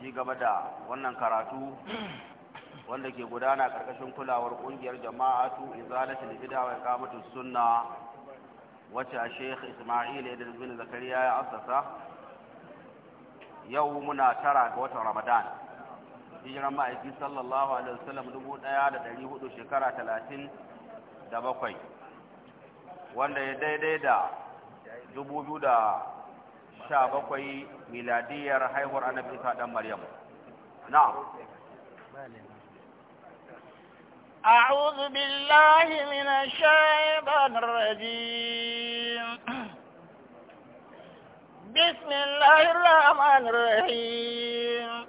ci gaba da wannan karatu wanda ke gudana karkashin kulawar kungiyar jama'atu izalati bid'a wa iqamatu sunna wacce Sheikh Isma'il Idris bin Zakariya ya assasa yau muna tara ga watan Ramadan hijiran ma'aiki sallallahu alaihi wasallam 1400 shekara 37 wanda ya daidai da 2000 sha bakwai miladiyar haihuwar annabi isa dan maryam na'am أعوذ بالله من الشيطان الرجيم بسم الله الرحمن الرحيم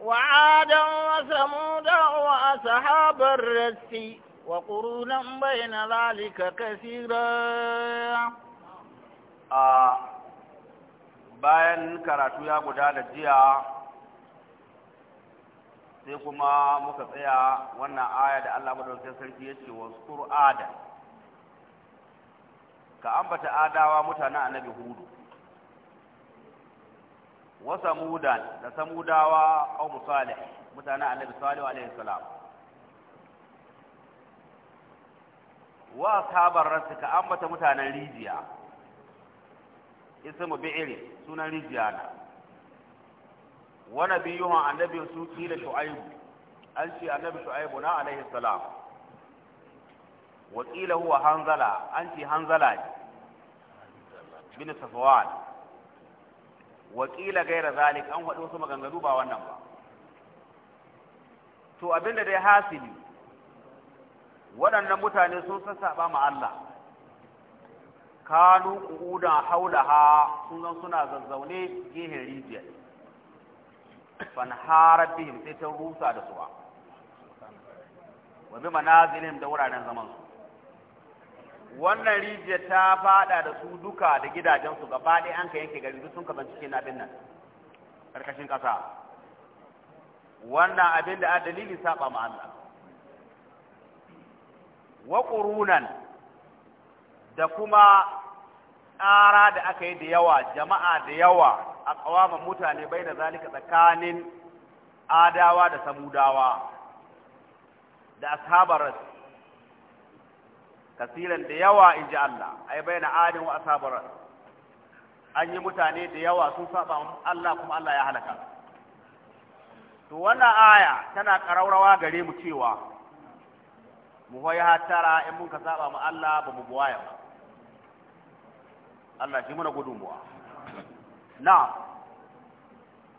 وعادا وثمودا وأصحاب الرس وقرونا بين ذلك كثيرا bayan karatu ya guda da jiya sai kuma muka tsaya wannan aya da Allah madaukakin sarki ya ce waskur ada ka ambata adawa mutanen annabi hudu wa samuda da samudawa au musalih mutanen annabi salihu alaihi salam wa ashabar rasu ka ambata mutanen rijiya ismu bi'iri sunan rijiya na wa nabiyuhu annabin su kila shu'aibu an ce annabi shu'aibu na alaihi salam wa huwa hanzala an ce hanzala ne bin safwan Wakila gaira zalik an faɗi wasu maganganu ba wannan ba to abinda dai hasili waɗannan mutane sun sassaɓa ma Allah kanu ƙudan ha sun zan suna zazzaune gehen rijiyar fanharar bihim sai ta rusa da suwa wa bi manazilihim da wuraren zaman su wannan rijiyar ta fada da su duka da gidajensu gaba ɗaya an ka yanke gari duk sun kaban cikin abin nan ƙarƙashin ƙasa wannan abin da a dalilin saba ma Allah wa ƙurunan da kuma ƙara da aka yi da yawa jama'a da yawa a kawama mutane bai da zalika tsakanin adawa da samudawa da ashabar kasiran da yawa in ji Allah ai bai na adin wa ashabar an yi mutane da yawa sun saba Allah kuma Allah ya halaka to wannan aya tana ƙaraurawa gare mu cewa mu hoya hattara in mun ka saba mu Allah ba mu buwaya ba Allah shi muna buwa. Na.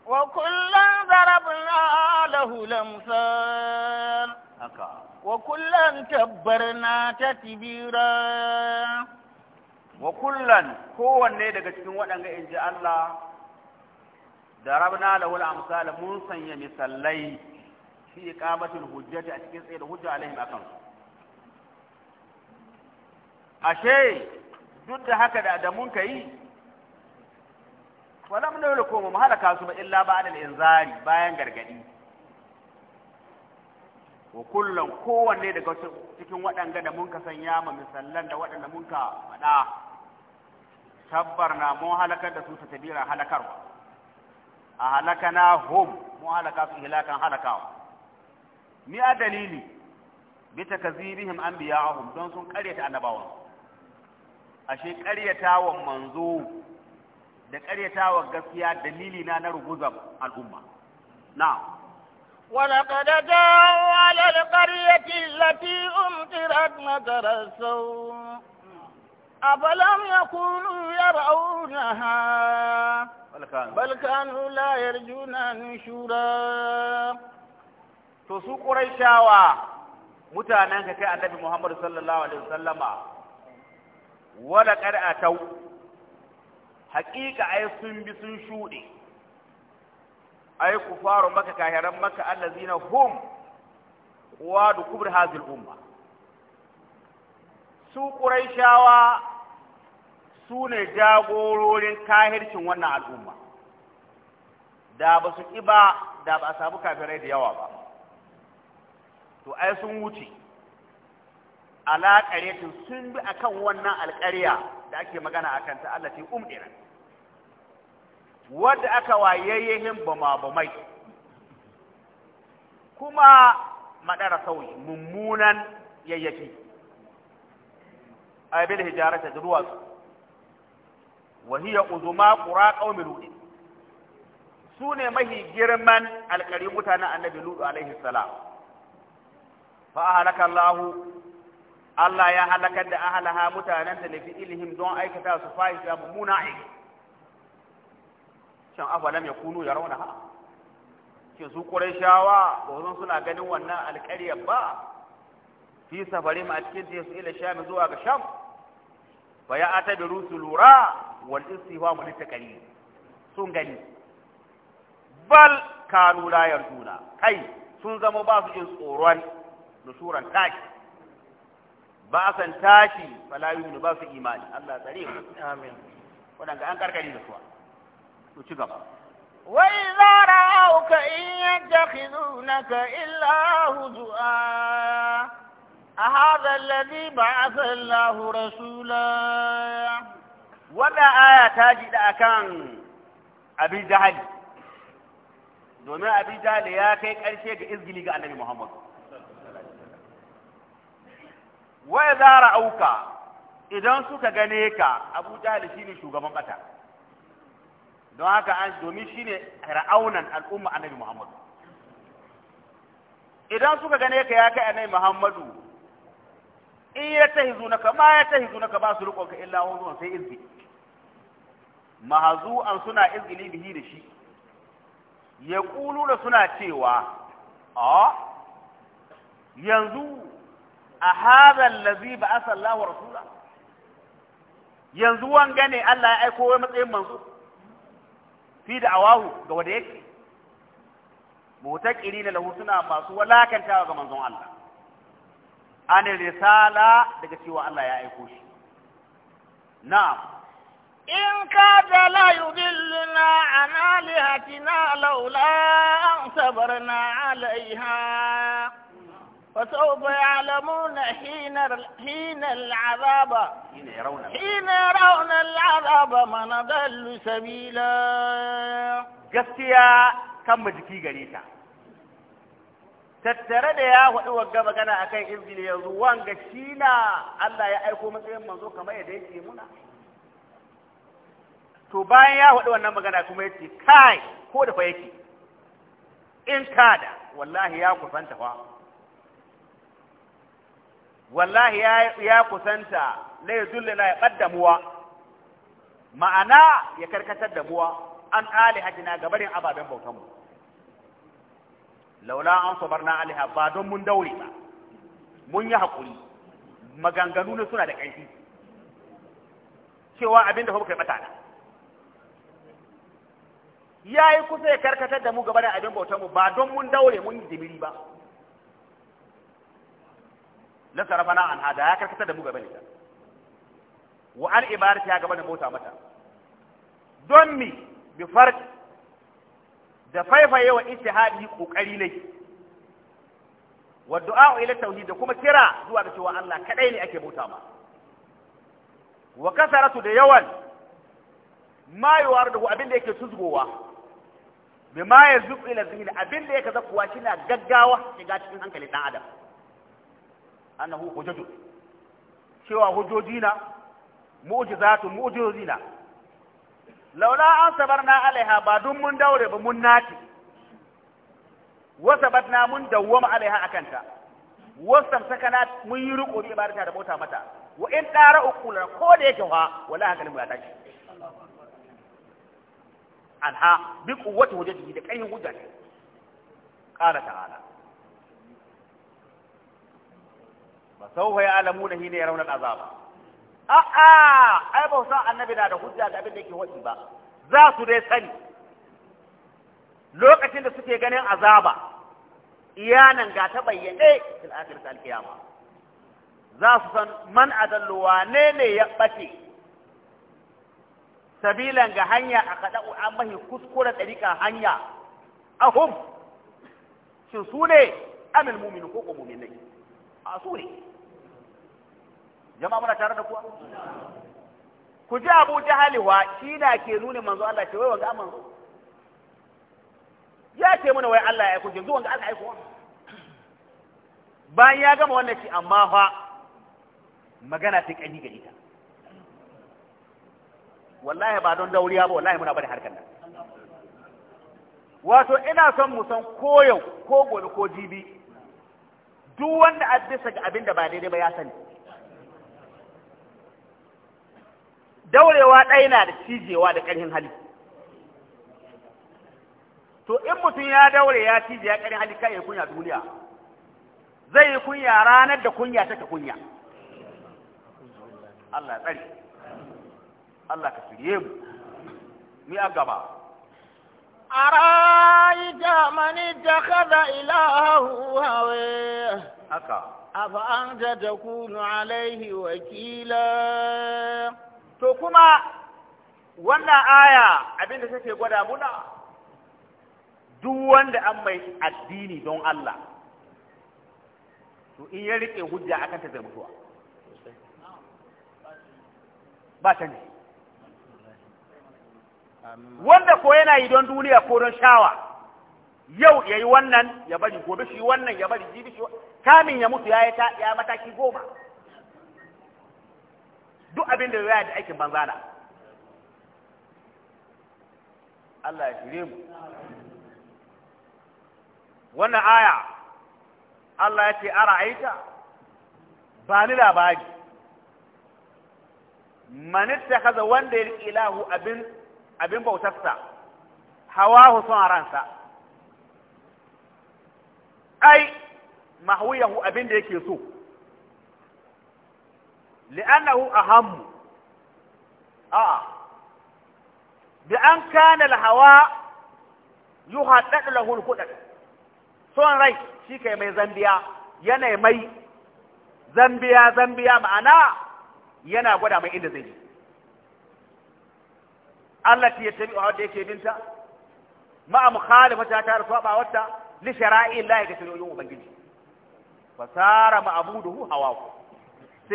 wa kullum darabna alahu lamsar. haka wa kullum ta tibira. wa kullum kowanne daga cikin waɗanda in ji Allah darabna lahu lamsal mun sanya misalai fi ƙamatin hujjati a cikin tsaye da hujja alaihim kansu. ashe duk da haka da mun ka yi wala mun dole ko mu halaka su ba illa ba adal inzari bayan gargadi wa kullum kowanne daga cikin waɗanga da mun ka sanya ma misallan da waɗanda mun ka faɗa tabbar na mun halakar da su ta tabira halakarwa a na hum mun halaka su hilakan halakawa ni a dalili bi takazibihim anbiya'ahum don sun karyata annabawansu ashe ƙaryata manzo da ƙaryata wa gaskiya dalili na na ruguzar al'umma now wani kada jawo alal ƙaryaki lati umtirat na garasau a balam ya kunu ya ra'una ha balkanu layar juna nishura to su ƙurai shawa mutanen ka kai annabi muhammadu sallallahu alaihi wasallama wala kar atau haƙiƙa ai sun bi sun shuɗe ai kufaru maka kahiran maka allazina hum wa da kubur hazil umma su ƙuraishawa su ne jagororin kahircin wannan al'umma da ba su ƙi ba da ba a sabu kafirai da yawa ba to ai sun wuce ala sun bi akan wannan alƙariya da ake magana a akan Allah allati umdira wadda aka wayayyehin bama bamai kuma maɗara sauyi mummunan yayyaki abil hijarata duwatsu wa hiya uzuma ƙura qaumi lut su ne mahi girman alƙari mutanen annabi a. alaihi salam fa'a ahlaka Lahu. Allah ya halakar da ahalaha mutanen da lafi ilhim don aikata su fahisha mummuna aiki shin afalam ya kunu ya rauna ha shin su ƙurayshawa ba zan suna ganin wannan alƙaryar ba fi safarim a cikin ta su ila zuwa ga sham fa ya ata bi rusulura wal istihwamu litaqali sun gani bal kanu la kai sun zama ba su jin tsoron nusuran taki ba san tashi fala yuminu ba su imani Allah tsare mu amin wadanda an karkare da suwa to ci gaba wa idza ra'awka in yattakhidunaka illa huzua ahadha alladhi ba'atha Allahu rasula wannan aya ta ji da akan abi jahali domin abi jahali ya kai karshe ga izgili ga annabi Muhammad wa zara auka idan suka gane ka abu jahil shine shugaban kasa don haka an domin shine ra'aunan al'umma annabi muhammadu idan suka gane ka ya kai annabi muhammadu in ya tahizu naka ma ya tahizu naka ba su rikon ka illa huzuwan sai izbi an suna izgili bihi da shi ya kulu da suna cewa a yanzu a hadha allazi ba'atha Allah wa rasula yanzu wanga ne Allah ya aiko wai matsayin manzo fi da awahu ga wanda yake mutaqirina lahu suna masu walakantawa ga manzon Allah an risala daga cewa Allah ya aiko shi na'am in ka da la yudilluna an alihatina laula an sabarna alaiha فسوف يعلمون حين حين العذاب حين يرون حين يرون العذاب من ضل سبيلا gaskiya kan majiki gare ta tattare da ya faɗi wagga magana akan injili yanzu wanga shi na Allah ya aiko matsayin manzo kamar yadda yake muna to bayan ya faɗi wannan magana kuma yace kai ko da fa yake in kada wallahi ya kusanta fa wallahi ya kusanta la yadullana ya qaddamuwa ma'ana ya karkatar da muwa an hajina gabarin ababen bautan mu laula an sabarna aliha ba don mun daure ba mun yi hakuri maganganu ne suna da ƙarfi cewa abin da kai bata ya yi kusa ya karkatar da mu gabarin abin bautan mu ba don mun daure mun yi jimiri ba la sarafana an hada ya karkatar da mu gaba ne ta wa al ibarati ya gaba da mota mata don mi bi farq da faifaye wa ijtihadi kokari ne wa du'a ila tauhid da kuma kira zuwa ga cewa Allah kadai ne ake bauta ma wa kasaratu da yawan ma yuwardu abin da yake tuzgowa bima yazuq ila zihin abin da yake zakuwa shi na gaggawa shiga cikin hankalin dan adam annahu hujjatu cewa hujjoji mu'jizatu mu'jizina laula an sabarna alaiha ba dun mun daure ba mun naci wa sabatna mun dawwama alaiha akanta wa sakana mun yi riko da ibadata da bauta mata wa in dara ukula ko da yake fa wallahi kalmu ya tashi anha bi kuwwati wajhihi da qayyin hujja qala ta'ala ba sau ya alamu da hina ya raunar azaba a'a ai ba annabi na da hujja da abin da yake wadi ba za su dai sani lokacin da suke ganin azaba iyanan ga ta bayyane fil akhir ta za su san man adallu wane ne ya bace sabilan ga hanya a kada an mahi kuskuren dariƙa hanya ahum shin su ne amil mu'minu ko ko mu'minai a su ne jama'a muna tare da kuwa ku ji abu wa shi na ke nuna manzo Allah ce wai wanga a manzo ya ce mana wai Allah ya aiko yanzu wanga ya aiko bayan ya gama wannan ce amma fa magana ta kani ga ita wallahi ba don dauriya ba wallahi muna bari harkar nan wato ina son mu san ko yau ko gobe ko jibi duk wanda a bisa ga abin da ba daidai ba ya sani daurewa ɗaya na da cijewa da ƙarfin hali to in mutum ya daure ya cije ya ƙarfin hali kayan kunya duniya zai yi kunya ranar da kunya take kunya Allah ya tsari, Allah ka shirye mu ni a gaba kada ilahu hawe Haka. afa an ta kunu alaihi وكيلا to kuma wannan aya abinda take gwada muna duk wanda an mai addini don Allah to in ya rike hujja akan ta zai mutuwa ba ta ne wanda ko yana yi don duniya ko don shawa yau ya yi wannan ya bari gobe shi wannan ya bari jibi shi kamin ya mutu ya yi ta ya mataki goma duk abin da ya da aikin na Allah ya shirye mu wannan aya Allah ya ce ara aita ba ni labari manitta kaza wanda ya ilahu abin abin bautarsa hawa son ransa ai yahu abin da yake so li'annahu ahammu a bi an kana al-hawa yuhaddadu lahu al-hudad rai shi kai mai zambiya yana mai zambiya zambiya ma'ana yana gwada mai inda zai je allati yattabi'u wadda yake binta ma'a mukhalifata ta rasaba wata li shara'i Allah ga shari'o'in ubangiji fasara ma'buduhu hawahu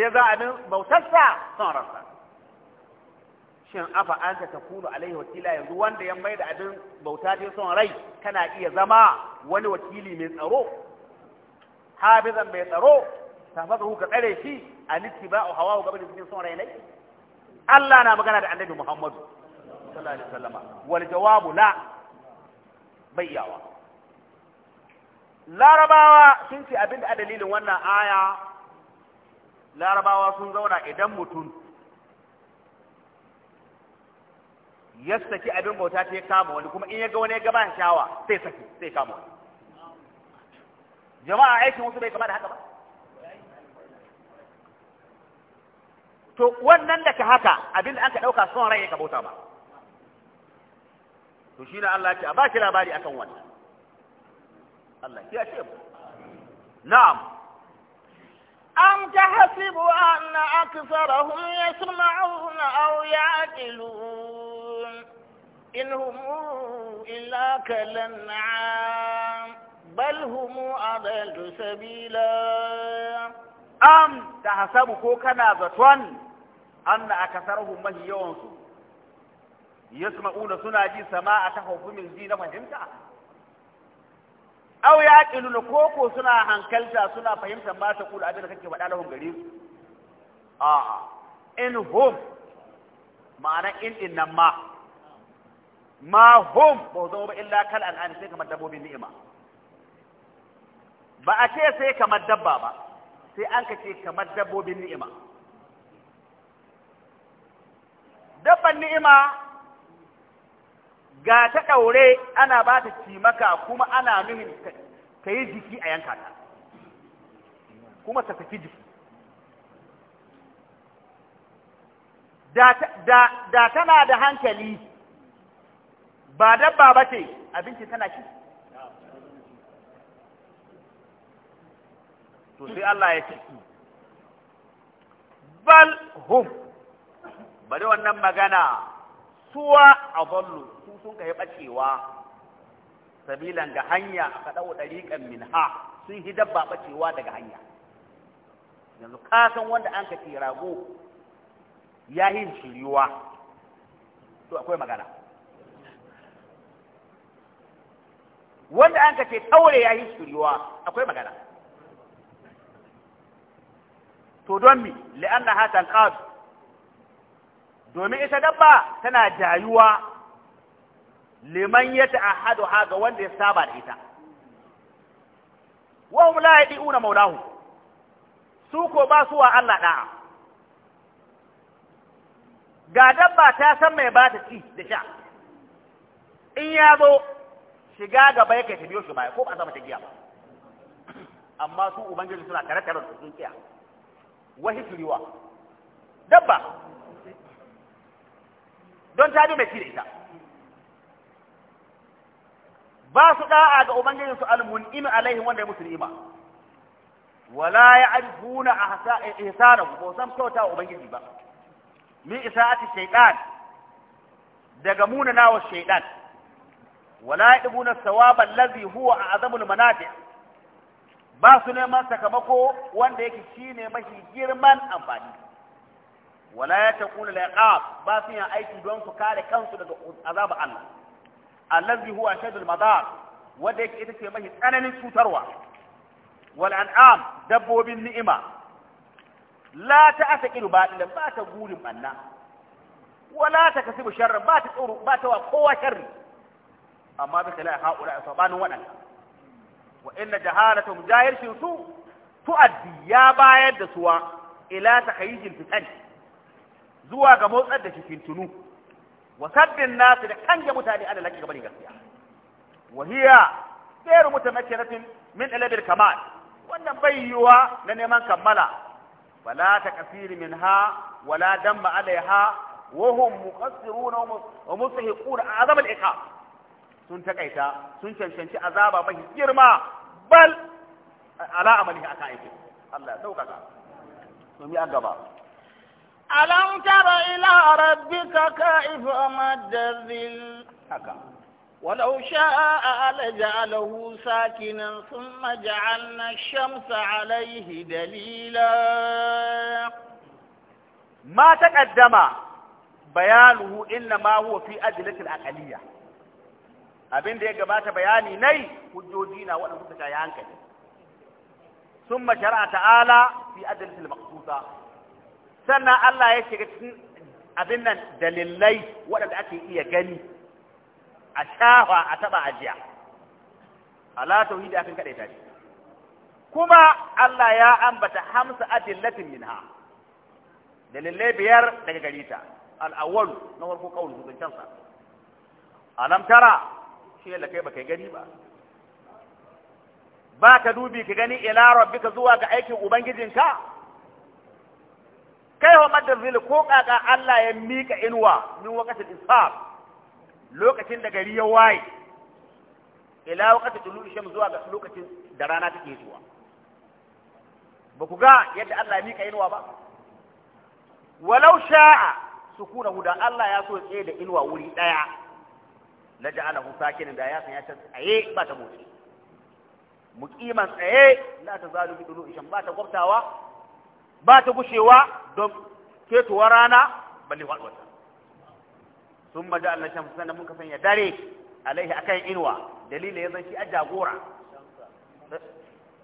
sai za abin bautarsa son ransa shin afa an ka ta kulu alaihi wakila yanzu wanda ya mai da abin bauta ta son rai kana iya zama wani wakili mai tsaro hafizan mai tsaro ta tafasahu ka tsare shi a nitti ba a hawa gaba da cikin son rai nai Allah na magana da annabi Muhammadu sallallahu alaihi wasallama wal jawabu la bayyawa larabawa sun ce abinda a dalilin wannan aya larabawa sun zauna idan mutum ya saki abin bauta ta ya kama wani kuma in ya ga wani ya gaba shawa sai saki sai kama wani jama'a aikin wasu bai kama da haka ba to wannan da ka haka abin da an ka ɗauka son rai ya ka bauta ba to shi na Allah ce a ba shi labari akan wannan Allah ya ce na'am أم تحسب أن أكثرهم يسمعون أو يعقلون إن هم إلا كالأنعام بل هم أضل سبيلا أم تحسب كوكنا زتون أن أكثرهم من يونسو يسمعون سناجي سماء تحفهم الزينة فهمتها aw ya kiluna na koko suna hankalta suna fahimtar ba ta kula abin da kake faɗa lahun gare su a in hum ma'ana in din nan ma ma hum ba zo ba illa kal an'am sai kamar dabbobin ni'ima ba a ce sai kamar dabba ba sai an ka ce kamar dabbobin ni'ima dabban ni'ima ga ta ɗaure ana ba ta cimaka kuma ana nuhin ta yi jiki a yanka ta kuma ta tafi jiki da tana da hankali ba dabba ba ce abinci tana ci to sai Allah ya ce bal hum bari wannan magana suwa adallu su sun kai bacewa sabilan ga hanya aka dau dariqan minha sun hi dabba bacewa daga hanya yanzu ka san wanda an ka rago ya yi shiriwa to akwai magana wanda an ka ce taure ya yi shiriwa akwai magana to don mi li'anna hatan qad domin ita dabba tana jayuwa liman ya ta'ahadu ha ga wanda ya saba da ita wa hum la yadi'una maulahu su ko ba su wa Allah da'a ga dabba ta san mai ba ta ci da sha in ya zo shiga gaba yake ta biyo shi baya ko ba zama ta giya ba amma su ubangiji suna tare tare da sun kiya wahi shiriwa dabba don ta mai shi da ita ba su da'a ga ubangijin su almun'im alaihim wanda ya musu ni'ima wala ya'rifuna ihsanahu ba san kyauta wa ubangiji ba isa isa'ati shaytan daga na wa shaytan wala ya'rifuna thawaba allazi huwa a'zamul manati' ba su neman sakamako wanda yake shine mafi girman amfani wala ya taqulu la iqab ba su yin aiki don su kare kansu daga azaba Allah allazi huwa shadul madar wanda yake ita ce mahi tsananin cutarwa wal an'am dabbobin ni'ima la ta'taqilu batilan ba ta gurin banna wala ta kasibu sharrin ba ta tsoro ba ta wa kowa sharri amma bi kala haula sabanin wadannan wa inna mu jahilshin su tu'addi ya bayar da suwa ila tahayyijil fitan zuwa ga motsar da fitintunu wa sabbin nasu da kange mutane ala laki gaban gaskiya wa hiya sayru mutamakkinatin min talabil kamal wannan bayyuwa na neman kammala fala min ha, wala damma alaiha wa hum muqassiruna wa mustahiquna azab al-iqab sun takaita sun cancanci azaba mai girma bal ala a aka aiki Allah ya sauƙaƙa to an gaba ألم تر إلى ربك كيف مد الذل ولو شاء لجعله ساكنا ثم جعلنا الشمس عليه دليلا ما تقدم بيانه إنما هو في أدلة الأقلية أبين دي قبات بياني ني دينا وأنا كنت ثم شرع تعالى في أدلة المقصودة sannan Allah ya shiga cikin abin nan dalilai waɗanda ake iya gani a shafa a taɓa ajiya ala tauhidi akan kaɗai ta shi kuma Allah ya ambata hamsa adillatin minha dalilai biyar daga garita al-awwal na farko kaulu hukuncin sa alam tara shi da kai baka gani ba ba ka dubi ka gani ila rabbika zuwa ga aikin ubangijinka kai wa madazil ko kaka Allah ya mika inuwa min wakati isfar lokacin da gari ya waye ila wakati tulu'i shams zuwa ga lokacin da rana take zuwa ba ku ga yadda Allah ya mika inuwa ba walau sha'a sukuna huda Allah ya so tsaye da inuwa wuri daya la ja'alahu sakinin da ya san ya tsaye ba ta motsi mukiman tsaye la zalu bi tulu'i shams ba ta gwabtawa ba ta gushewa don ketowa rana balle wata sun maja Allah shamsu sannan muka sanya dare alaihi kan inuwa dalilin ya zan shi a jagora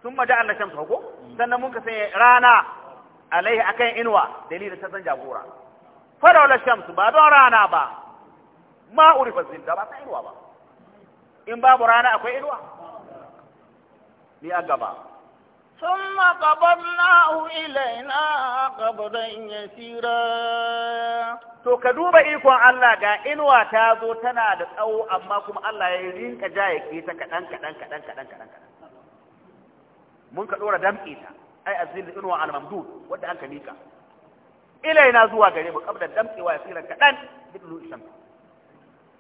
sun maja Allah shamsu ko sannan muka sanya rana alaihi kan inuwa dalilin ta zan jagora farawla shamsu ba don rana ba ma ba zinta ba ta inuwa ba in babu rana akwai inuwa ni a gaba ثم قبضناه إلينا قبضا يسيرا to ka duba ikon Allah ga inuwa ta zo tana da tsawo amma kuma Allah ya rinka jayake ta kaɗan kaɗan kaɗan kaɗan kaɗan mun ka ɗora damƙe ta ai azil inuwa al-mamdud wanda an ka Ila ina zuwa gare mu kabda damƙewa ya tsira kaɗan bidlu isham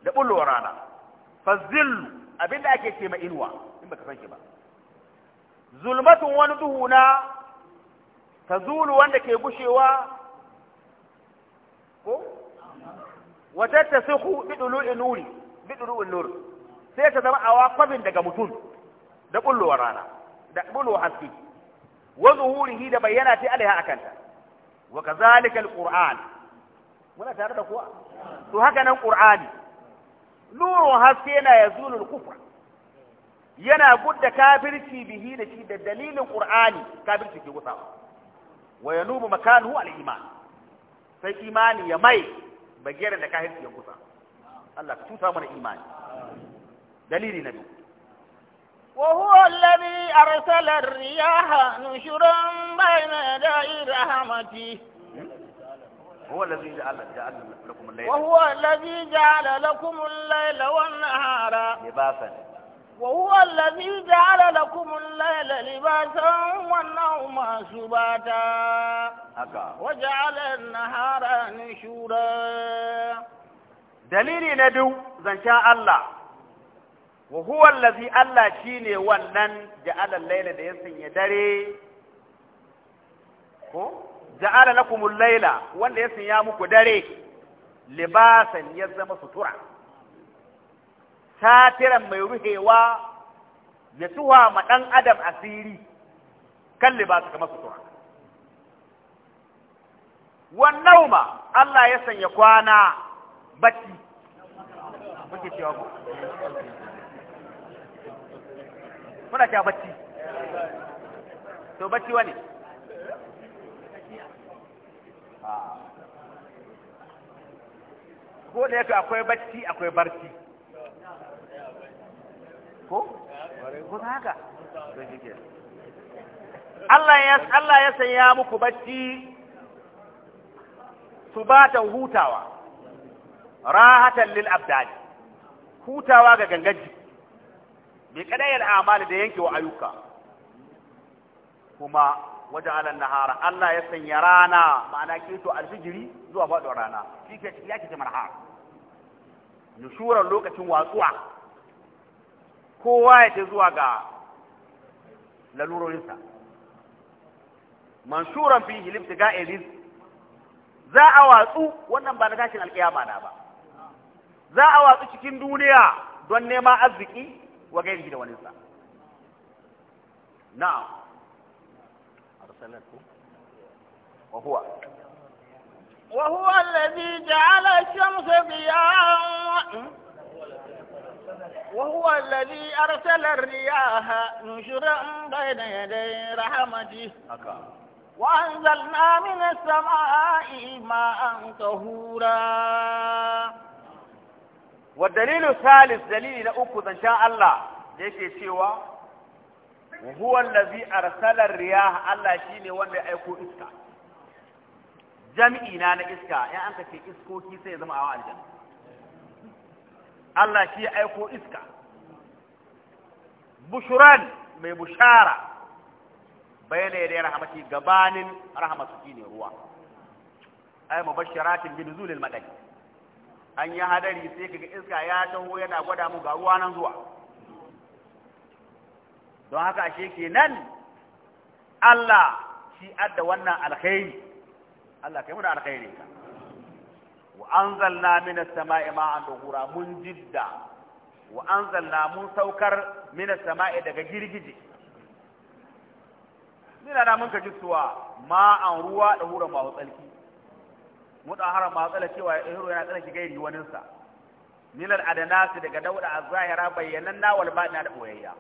da bullo rana fazillu abinda ake ce ma inuwa in baka san shi ba zulmatun wani duhu na ta zulu wanda ke gushewa ko wata ta suku bidulu nuri sai ta zama a kwabin daga mutum da bullowar rana da bullowar haske wa zuhurihi da bayyana ta alaiha kanta, wa kazalika alquran muna tare da kuwa to haka nan qur'ani nurun haske na yazulul kufra yana gudda kafirci bihi da shi da dalilin qur'ani kafirci ke gusawa wa yanubu makanu al iman sai imani ya mai bagiyar da kafirci ya gusa Allah ka tusa mana imani dalili na biyu وهو الذي أرسل الرياح نشرا بين يدي رحمته هو الذي جعل, جعل لكم الليل وهو الذي جعل لكم الليل والنهار لباسا وهو الذي جعل لكم الليل لباسا والنوم سباتا وجعل النهار نشورا dalili na biyu zancen Allah wa huwa allazi Allah shine wannan ja'ala al-laila da ya sanya dare ko ja'ala lakumul Layla, wanda ya sanya muku dare libasan ya zama sutura satiran mai ruhewa ya tuwa ma ɗan adam asiri kan libasa su sutura wannan ma Allah ya sanya kwana bacci muke cewa ko muna cewa bacci to bacci wani ah. ko da yake akwai bacci akwai barci ko ko haka Allah ya Allah ya sanya muku bacci subatan hutawa rahatan lil abdad hutawa ga gangaji bi kadayal amali da yanke wa ayyuka kuma waja'ala nahara Allah ya sanya rana ma'ana kito alfijiri zuwa faɗo rana shi ke ya marha nushuran lokacin watsuwa kowa ya ce zuwa ga lalurorinsa mansuran fi hilifta ga eliz za a watsu wannan ba na tashin alkiyama na ba za a watsu cikin duniya don nema arziki wa gairi da waninsa na'am arsalatu wa huwa وهو الذي جعل الشمس ضياء وهو الذي أرسل الرياح نشرا بين يدي رحمته وأنزلنا من السماء ماء طهورا والدليل الثالث دليل أكد إن شاء الله ليش سوى وهو الذي أرسل الرياح الله شيني وانا أيكو إسكا جمعنا إسكا يعني أنت في إسكو كي سيزم أو الجنة Allah shi ya aiko iska bushuran mai bushara bayana ya rahmati gabanin rahmatu ne ruwa ay mubashiratin bi nuzulil madani an yi hadari sai kaga iska ya taho yana gwada mu ga ruwa nan zuwa don haka ashe kenan Allah shi adda wannan alkhairi Allah kai mu da alkhairi wa anzalna minas sama'i ma'an duhura mun jidda wa anzalna mun saukar minas sama'i daga girgije mina da mun kaji suwa ma'an ruwa da hura masu tsalki mutahara masu tsalakewa ya hiro yana tsalaki gairi waninsa minal adanasi daga dauda a zahira bayyanan na wal ba'ina da boyayya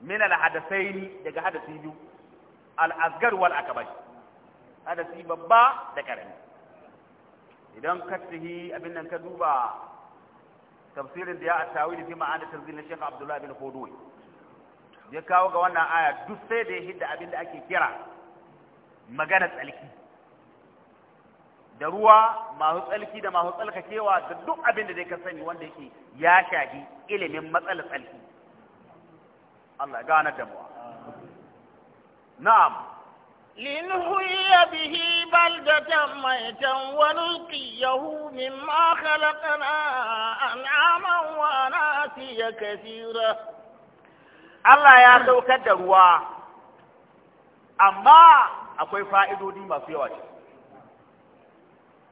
minal hadasaini daga hadasi biyu al asgar wal akbar hadasi babba da karami idan ka abin nan ka duba tafsirin da ya a tawili fi ma'ana tanzil na Sheikh Abdullahi bin Khudway ya kawo ga wannan aya duk sai da ya hidda abin da ake kira magana tsalki da ruwa masu tsalki da masu tsalkakewa da duk abin da zai ka sani wanda yake ya shafi ilimin matsalar tsalki Allah ya gane damuwa na'am لنحيي به بلدة ميتا ونلقيه مما خلقنا أنعاما وأناسيا كثيرا Allah ya saukar da ruwa, amma akwai fa'idodi masu yawa ce.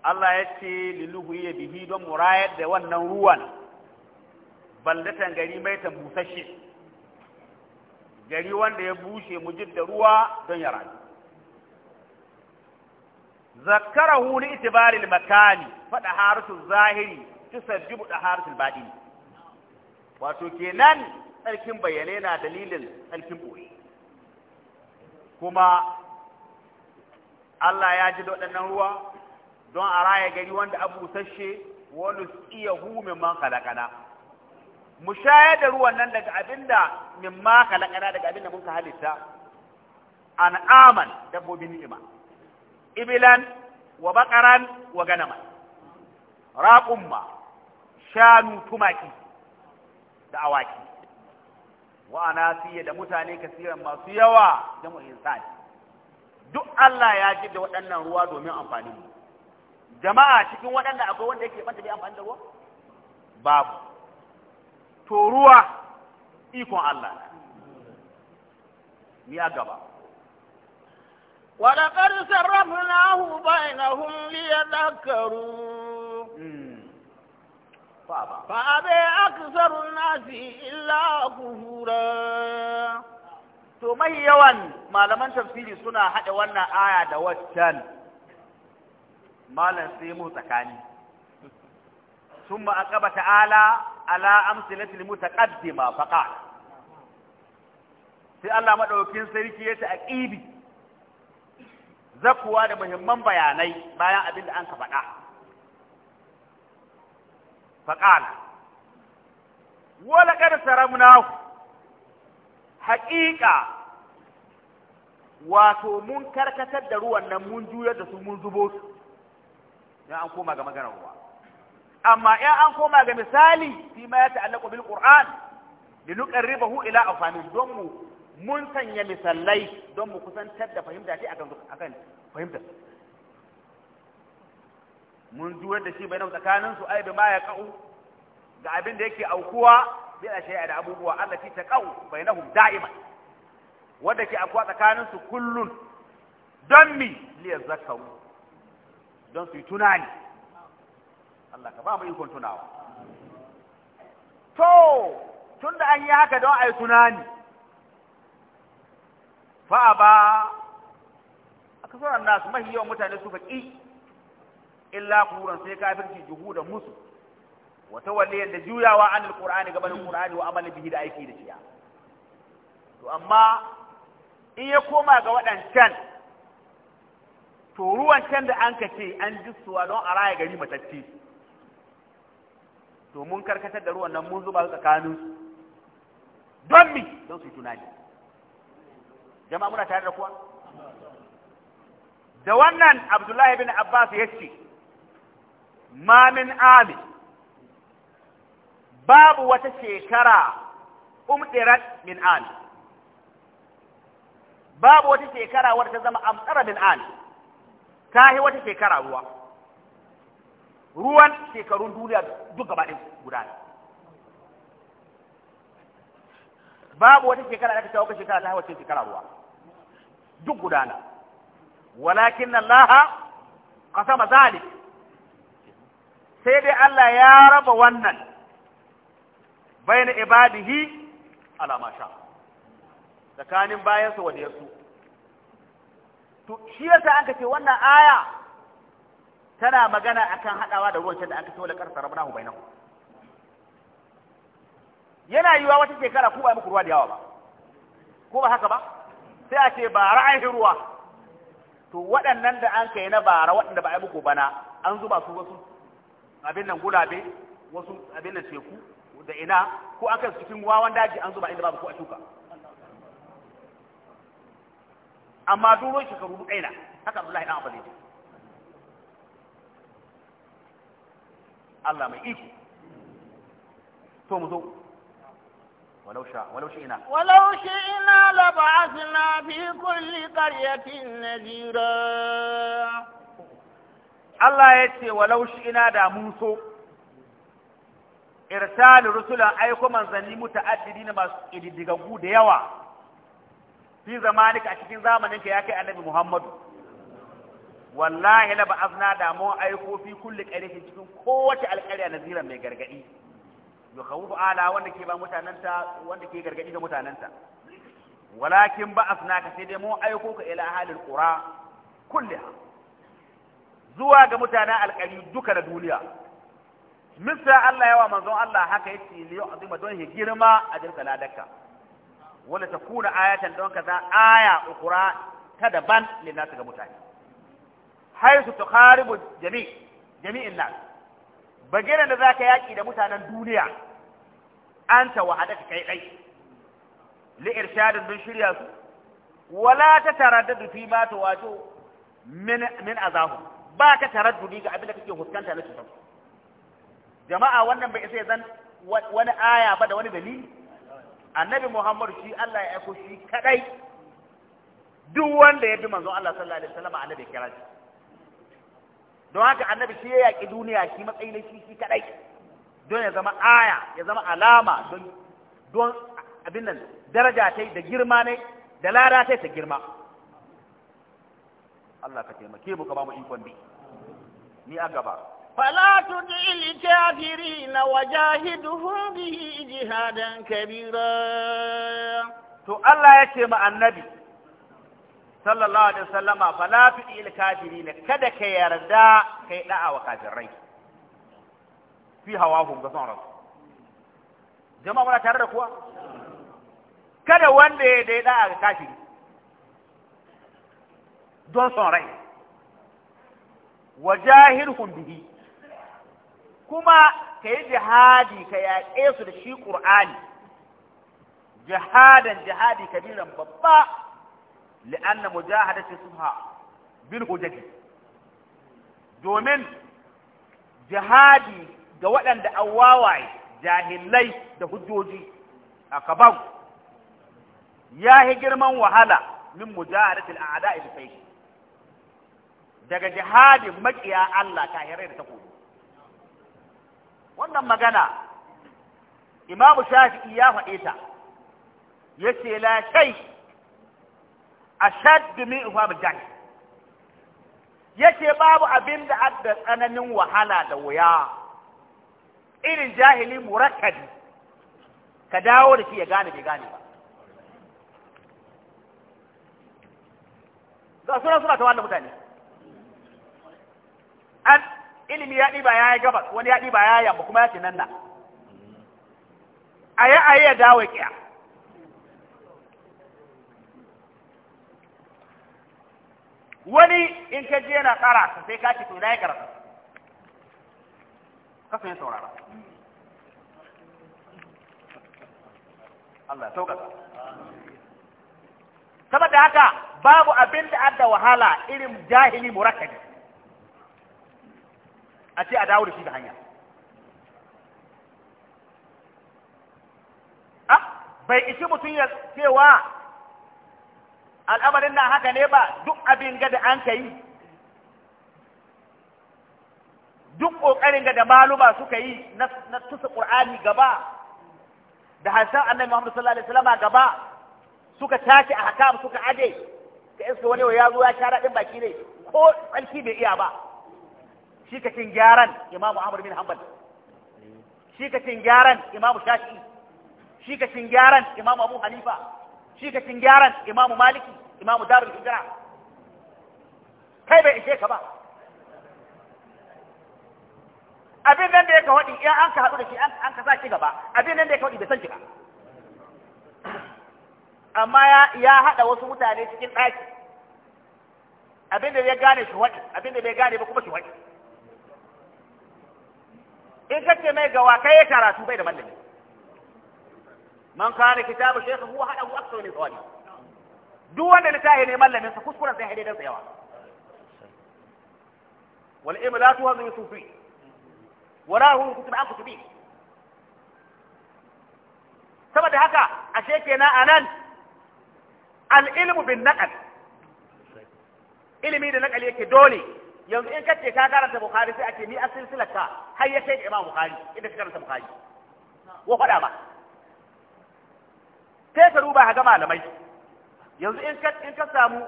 Allah ya ce liluhu bihi don murayar da wannan ruwan, baldatan gari mai ta busashe, gari wanda ya bushe mujib ruwa don ya zakarahu li itibari makani faɗa daharatul zahiri tusajjibu daharatul baɗi. wato kenan tsarkin bayanai na dalilin tsarkin boye kuma Allah ya ji waɗannan ruwa don a raya gari wanda abu sashe wani iya humin man kalakana mu shayar da ruwan nan daga abinda min ma kalakana daga abinda mun ka halitta an aman dabbobin ni'ima ibilan wa bakaran wa ganama raƙumma shanu tumaki da awaki wa anasiya da mutane kasiran masu yawa da mu insani duk Allah ya ji da waɗannan ruwa domin amfanin mu jama'a cikin waɗanda akwai wanda yake banta bai amfani da ruwa babu to ruwa ikon Allah ni a gaba ولقد صرفناه بينهم ليذكروا فأبى أكثر الناس إلا كفورا to mai yawan malaman tafsiri suna haɗa wannan aya da waccan malam sai mu tsakani ثم أقب تعالى على أمثلة المتقدمة فقال sai Allah madaukin sarki ya ta'aqibi zakuwa da muhimman bayanai bayan abin da an ka faɗa faƙala wala ƙar saramna haƙiƙa wato mun karkatar da ruwan nan mun juyar da su mun zubo su don an koma ga maganar ruwa amma in an koma ga misali fi ma ya ta'allaqu bil qur'an linuqarribahu ila afamin don mu mun sanya misalai don mu kusantar da fahimta ce akan kan fahimta mun juwar da shi bayan tsakanin su ai ma ya ka'u ga abin da yake aukuwa bi a shay'a da abubuwa Allah ce ta ka'u bainahum da'ima wanda ke akwai tsakanin su kullun don mi liyar zakaru don su yi tunani Allah ka ba mu ikon tunawa to tun da an yi haka don a yi tunani fa ba aka so nasu mafi yawan mutane su ki illa kuran sai kafirci da musu wata tawalliyan da juyawa an alqur'ani gabanin ƙur'ani wa amalin bihi da aiki da shiya to amma in ya koma ga waɗancan to ruwan can da an kace an jissuwa don a raya gari matacce to mun karkatar da ruwan nan mun zuba su tsakaninsu don mi don su yi tunani jama'a muna tare da kuwa da wannan abdullahi bin abbas ya ce ma min ami babu wata shekara umdirat min ami babu wata shekara wadda ta zama amsara min ami ta yi wata shekara ruwa ruwan shekarun duniya duk gaba ɗin guda babu wata shekara da ta kawo shekara ta hawa shekara ruwa duk gudana walakin Allah kasa mazali sai dai Allah ya raba wannan bayna ibadihi ala ma sha tsakanin bayansa wanda yasu to shi yasa ka ce wannan aya tana magana akan hadawa da ruwan da aka ce wala karsa rabnahu bainahu yana yiwa wata shekara ku ba muku ruwa da yawa ba ko ba haka ba sai a ce bara ra'ayin ruwa to waɗannan da an kai na bara waɗanda ba a yi muku bana an zuba su wasu abin nan gulabe wasu abin nan teku da ina ko an kai cikin wawan daji an zuba inda babu ko a shuka amma duro ka rubu ɗaya haka Abdullahi dan Abdul Allah mai iko to mu zo ولو شاء ولو شئنا ولو شئنا لبعثنا في كل قرية نذيرا الله يتي ولو شئنا دا موسو إرسال رسلا أيكو من ظني متعددين ما إددقوا ديوا في زمانك أشكين زمانك ياكي النبي محمد wallahi la ba'azna da mu aiko fi kulli qaryatin cikin kowace alƙarya naziran mai gargadi yukhawwifu ala wanda ke ba mutananta wanda ke gargadi ga mutanenta walakin ba'athnaka sai dai mu aiko ka ila ahlil qura kulliha zuwa ga mutanen alƙari duka da duniya mista Allah yawa manzon Allah haka yace li yu'zima don hi girma a dirka ladaka wala takuna ayatan don kaza aya ukura ta daban lin nasu ga mutane haisu tukharibu jami' jami'in nas ba bagiran da ka yaki da mutanen duniya an anta wahadaka kai ɗai li irshadin don shirya su wala ta taraddadu fi ma tawato wato min azahu ba ka taraddudi ga abin da kake huskanta na cutar jama'a wannan bai sai zan wani aya ba da wani dalili annabi Muhammad shi Allah ya aiko shi kadai duk wanda ya bi manzon Allah sallallahu alaihi wasallam annabi kira shi don haka annabi shi ya yaƙi duniya shi matsayi na shi shi kaɗai don ya zama aya ya zama alama don don abin nan daraja ta da girma ne da lada ta ta girma Allah ka taimake mu ka ba mu ikon bi ni a gaba فلا تدع الكافرين وجاهدهم به جهادا كبيرا to Allah ya ce ma annabi sallallahu alaihi wasallama fala tu'il kafirin kada ka yarda kai da'a wa kafirai fi hawahum ga son jama'a muna tare da kuwa kada wanda ya dai da'a ga kafiri don son rai wa jahirhum bihi kuma kai jihadi ka yaƙe su da shi qur'ani jihadan jihadi kabiran babba li'anna mujahadati subha bil hujjati domin jihadi ga waɗanda an wawaye jahilai da hujjoji a kaban ya yi girman wahala min mujahadatil a'da'i bi sayfi daga jihadin maƙiya Allah kahirai ta takobi wannan magana Imam Shafi'i ya faɗe ta yace la shay ashaddu min ifamul jahl yace babu abin da adda tsananin wahala da wuya irin jahili murakkabi ka dawo da shi ya gane bai gane ba ga suna suna ta wanda mutane an ilimi ya ɗiba ya yi gabas wani ya ɗiba ya yamma kuma ya ce nan na a yi a yi ya dawo ya ƙiya wani in ka je na tsara sai ka ci to dai yi karatu kasu saurara Allah ya sauka saboda haka babu abin da adda wahala irin jahili murakkabi a ce a dawo da shi da hanya ah, bai ishi mutum ya cewa al'amarin nan haka ne ba duk abin ga da an ka yi duk ƙoƙarin ga da maluma suka yi na tusa ƙur'ani gaba da hasan annabi Muhammad sallallahu alaihi wasallam gaba suka tashi a hakam suka aje ka iska wani wa yazo ya shara din baki ne ko tsarki bai iya ba shi ka gyaran imamu Ahmad bin Hanbal shi ka gyaran imamu Shafi'i shi ka gyaran imamu Abu Hanifa cin gyaran imamu maliki imamu darul hijira kai bai ishe ka ba abin nan da ya ka waɗi in an ka haɗu da shi an ka sa shi gaba abin nan da ya ka waɗi bai san shi ba amma ya haɗa wasu mutane cikin ɗaki abin da ya gane shi waɗi abin da bai gane ba kuma shi waɗi in kace mai gawa kai ya karatu bai da mallami man kana kitabu shaykhu huwa hadahu akthar min sawadi duk wanda littafi ne mallamin sa kuskuren sai haidai dan tsayawa wal imlatu hadhihi sufi warahu kutub an kutubi saboda haka ashe kenan anan al ilmu bin naqal ilimi da naqali yake dole yanzu in kace ka karanta bukhari sai a ce ni asilsilaka har ya kai imam bukhari idan ka karanta bukhari wa faɗa ba sai ka ruba ga malamai yanzu in ka in ka samu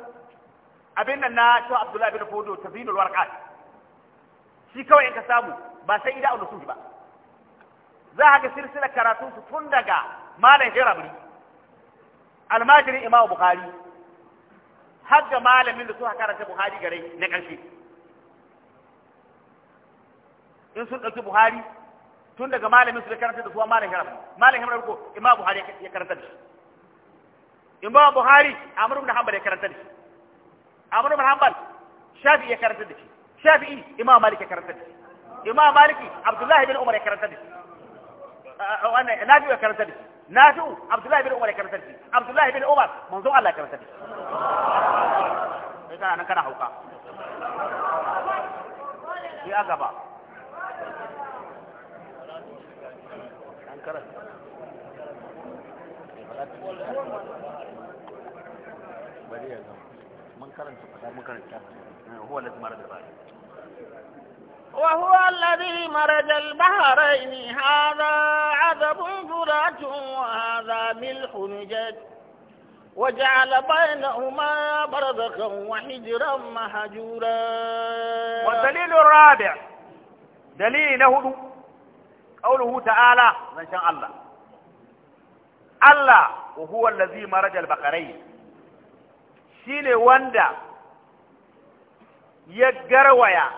abin nan na to Abdullahi bin Fodo tazinul warqat shi kawai in ka samu ba sai ida ulusu ba za ka ga silsilar karatun su tun daga malam Hirabri almajiri Imam Bukhari har ga malamin da suka karanta Buhari gare na ƙarshe in sun ɗauki Buhari tun daga malamin su da karanta da suwa malam Hirabri malam Hirabri ko Imam Buhari ya karanta da shi imam buhari amr ibn hanbal ya karanta da shi amr ibn hanbal shafi ya karanta da shi shafi'i imam malik ya karanta da shi imam maliki abdullah ibn umar ya karanta da shi ah, ah, wannan nafi ya karanta da shi nafi abdullah ibn umar ya karanta da shi abdullah ibn umar manzo Allah ya karanta da shi sai kana nan kana hauka sai a gaba an وهو الذي مرج البحرين هذا عذب فرات وهذا ملح نجد وجعل بينهما برزخا وحجرا مهجورا والدليل الرابع دليل قوله تعالى من شاء الله الله وهو الذي مرج البقرين shine wanda ya garwaya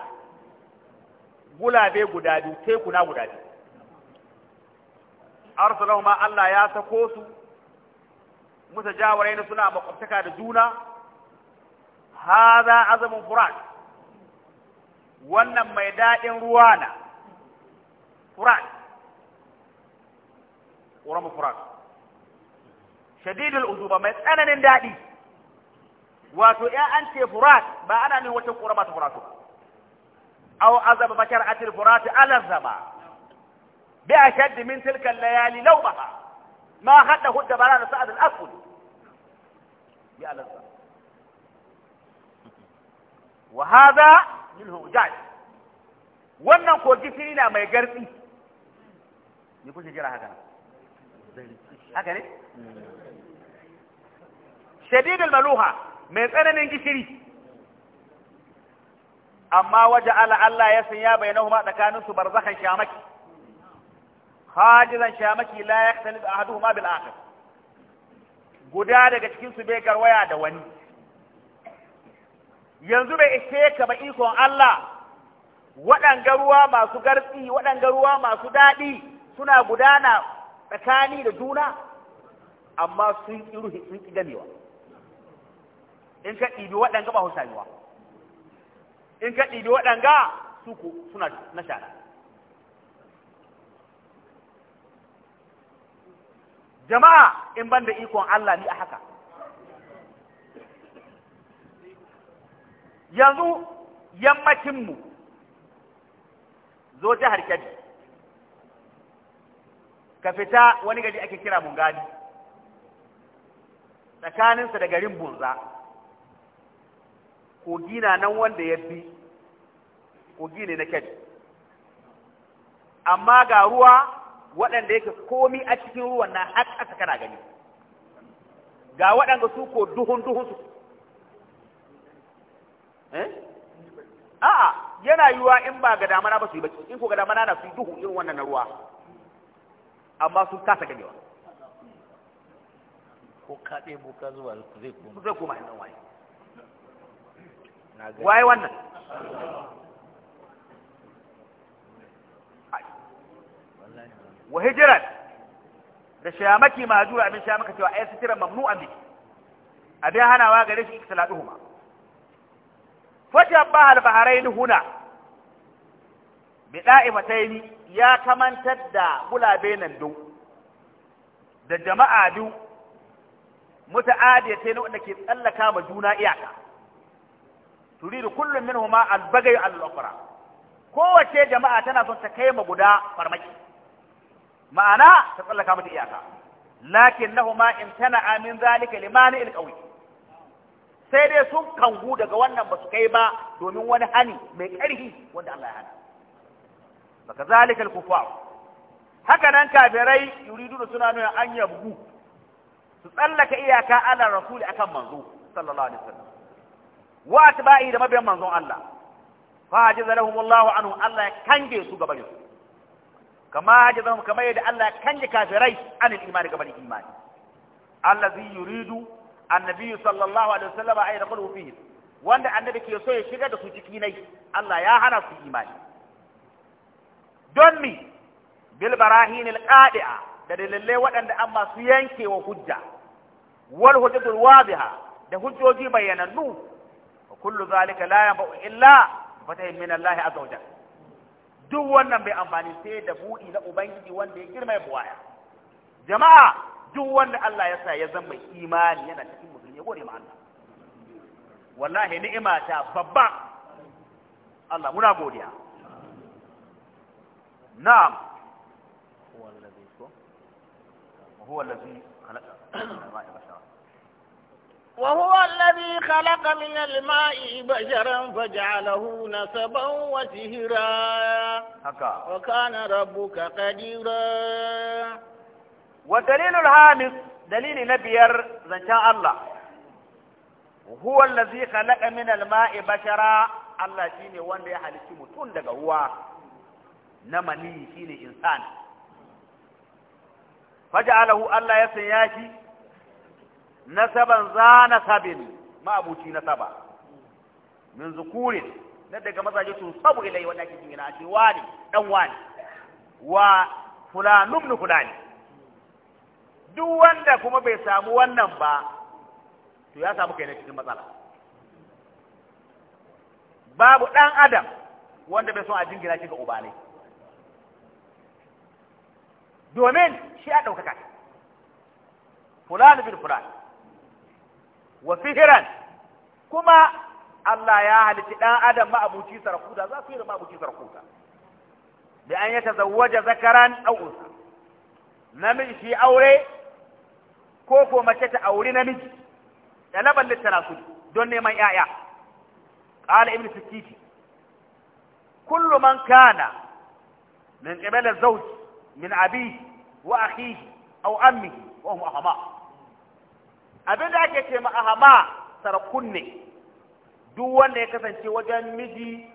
gulabe guda biyu tekuna guda biyu arsalahu ma Allah ya sako su musa jawarai na suna makwabtaka da juna haza azamin furat wannan mai daɗin ruwa na furat ƙoramu furat shadidul uzuba mai tsananin daɗi wato ya ce furat ba ana ne wata ƙorama ta furatu aw azaba bashar atil furat ala zama bi ashadd min tilka layali lawbaha ma hadda hudda barana sa'ad al-asfal ya ala zama wa hadha min hujaj wannan ko fili na mai garbi ni kuke jira haka haka ne hmm. shadidul maluha mai tsananin gishiri amma waje ala Allah ya bayyana huma tsakanin su barzakhan shamaki hajizan shamaki la yahtalib ahaduhuma bil akhar guda daga cikin su bai garwaya da wani yanzu bai ishe ka ba ikon Allah waɗanga ruwa masu gartsi waɗanga ruwa masu daɗi suna gudana tsakani da juna amma sun ƙi ruhi sun ƙi gamewa in ka ɗibi waɗanga ba hausa yiwa in ka ɗibi waɗanga su ku, suna na shara jama'a in ban da ikon Allah ni a haka yanzu yammacinmu zo jihar kebbi ka fita wani gari ake kira mungadi tsakaninsa da garin bunza kogi na nan wanda ya bi kogi ne na kedi amma ga ruwa waɗanda yake komi a cikin ruwan na har ƙasa kana gani ga waɗanda su ko duhun duhun su eh a'a yana yiwa in ba ga damana ba su yi bacci in ko ga damana na su duhu irin wannan na ruwa amma sun kasa ganewa ko kaɗe buka zuwa zai koma zai koma inda wani waye wannan wa hijiran da shamaki majura abin shamaka cewa ai sitira mamnu'an bi abin hanawa gare shi iktiladuhuma fatabba al-bahrain huna bi da'imataini ya kamantar da gulabe nan duk da jama'a biyu na wanda ke tsallaka ma juna iyaka turidu kullum minhuma al-bagay al-ukhra kowace jama'a tana son ta kai ma guda farmaki ma'ana ta tsallaka mata iyaka lakin na lakinnahuma imtana'a amin zalika limani al-qawi sai dai sun kangu daga wannan ba su kai ba domin wani hani mai ƙarfi wanda Allah ya hana baka zalika al-kufar haka nan kafirai yuridu suna nuna an yabgu su tsallaka iyaka ala rasuli akan manzo sallallahu alaihi wasallam wa atba'i da mabiyan manzon Allah fa ajiza lahum Allahu anhu Allah ya kange su gaban su kama ajizahum kama yadda Allah ya kange kafirai anil imani gaban imani allazi yuridu annabi sallallahu alaihi wasallam ay yadkhulu fihi wanda annabi ke so ya shiga da su ciki nai Allah ya hana su imani don mi bil barahin al qadi'a da dalilai waɗanda an masu yankewa hujja wal hujjatul wadiha da hujjoji bayyanannu kullu zalika la yanba'u illa fatahin min Allah azza wajal duk wannan bai amfani sai da buɗi na ubangiji wanda ya girma ya buwaya jama'a duk wanda Allah ya sa ya zama imani yana cikin musulmi ya gode ma Allah wallahi ni'ima ta babba Allah muna godiya na'am huwa allazi ko huwa allazi وهو الذي خلق من الماء بشرا فجعله نسبا وسهرا وكان ربك قديرا والدليل الهامس دليل نبير زنشاء الله وهو الذي خلق من الماء بشرا الله شيني وان يحلسي متون دقا هو نمني شيني إنسان فجعله الله يسياشي nasaban za nasabin ma'abuci nasaba min zukurin na daga mazaje tun sabu ilai wanda ake jingina a ce wani dan wani wa fulanum nu fulani duk wanda kuma bai samu wannan ba to ya samu kai na cikin matsala babu dan adam wanda bai so a jingina shi ga uba domin shi a ɗaukaka fulani bin fulani wa sihiran kuma Allah ya halitta ɗan adam ma'abuci sarkuta za su yi da ma'abuci sarkuta bi an ya tazawwaja zakaran aw unsa namiji shi aure ko ko mace ta auri namiji Da talaban litarasuli don neman yaya qala ibnu sikiti kullu man kana min qibala zauki, min abihi wa akhihi aw ammihi wa hum ahmaa abin da ake ce ma sarakun ne duk wanda ya kasance wajen miji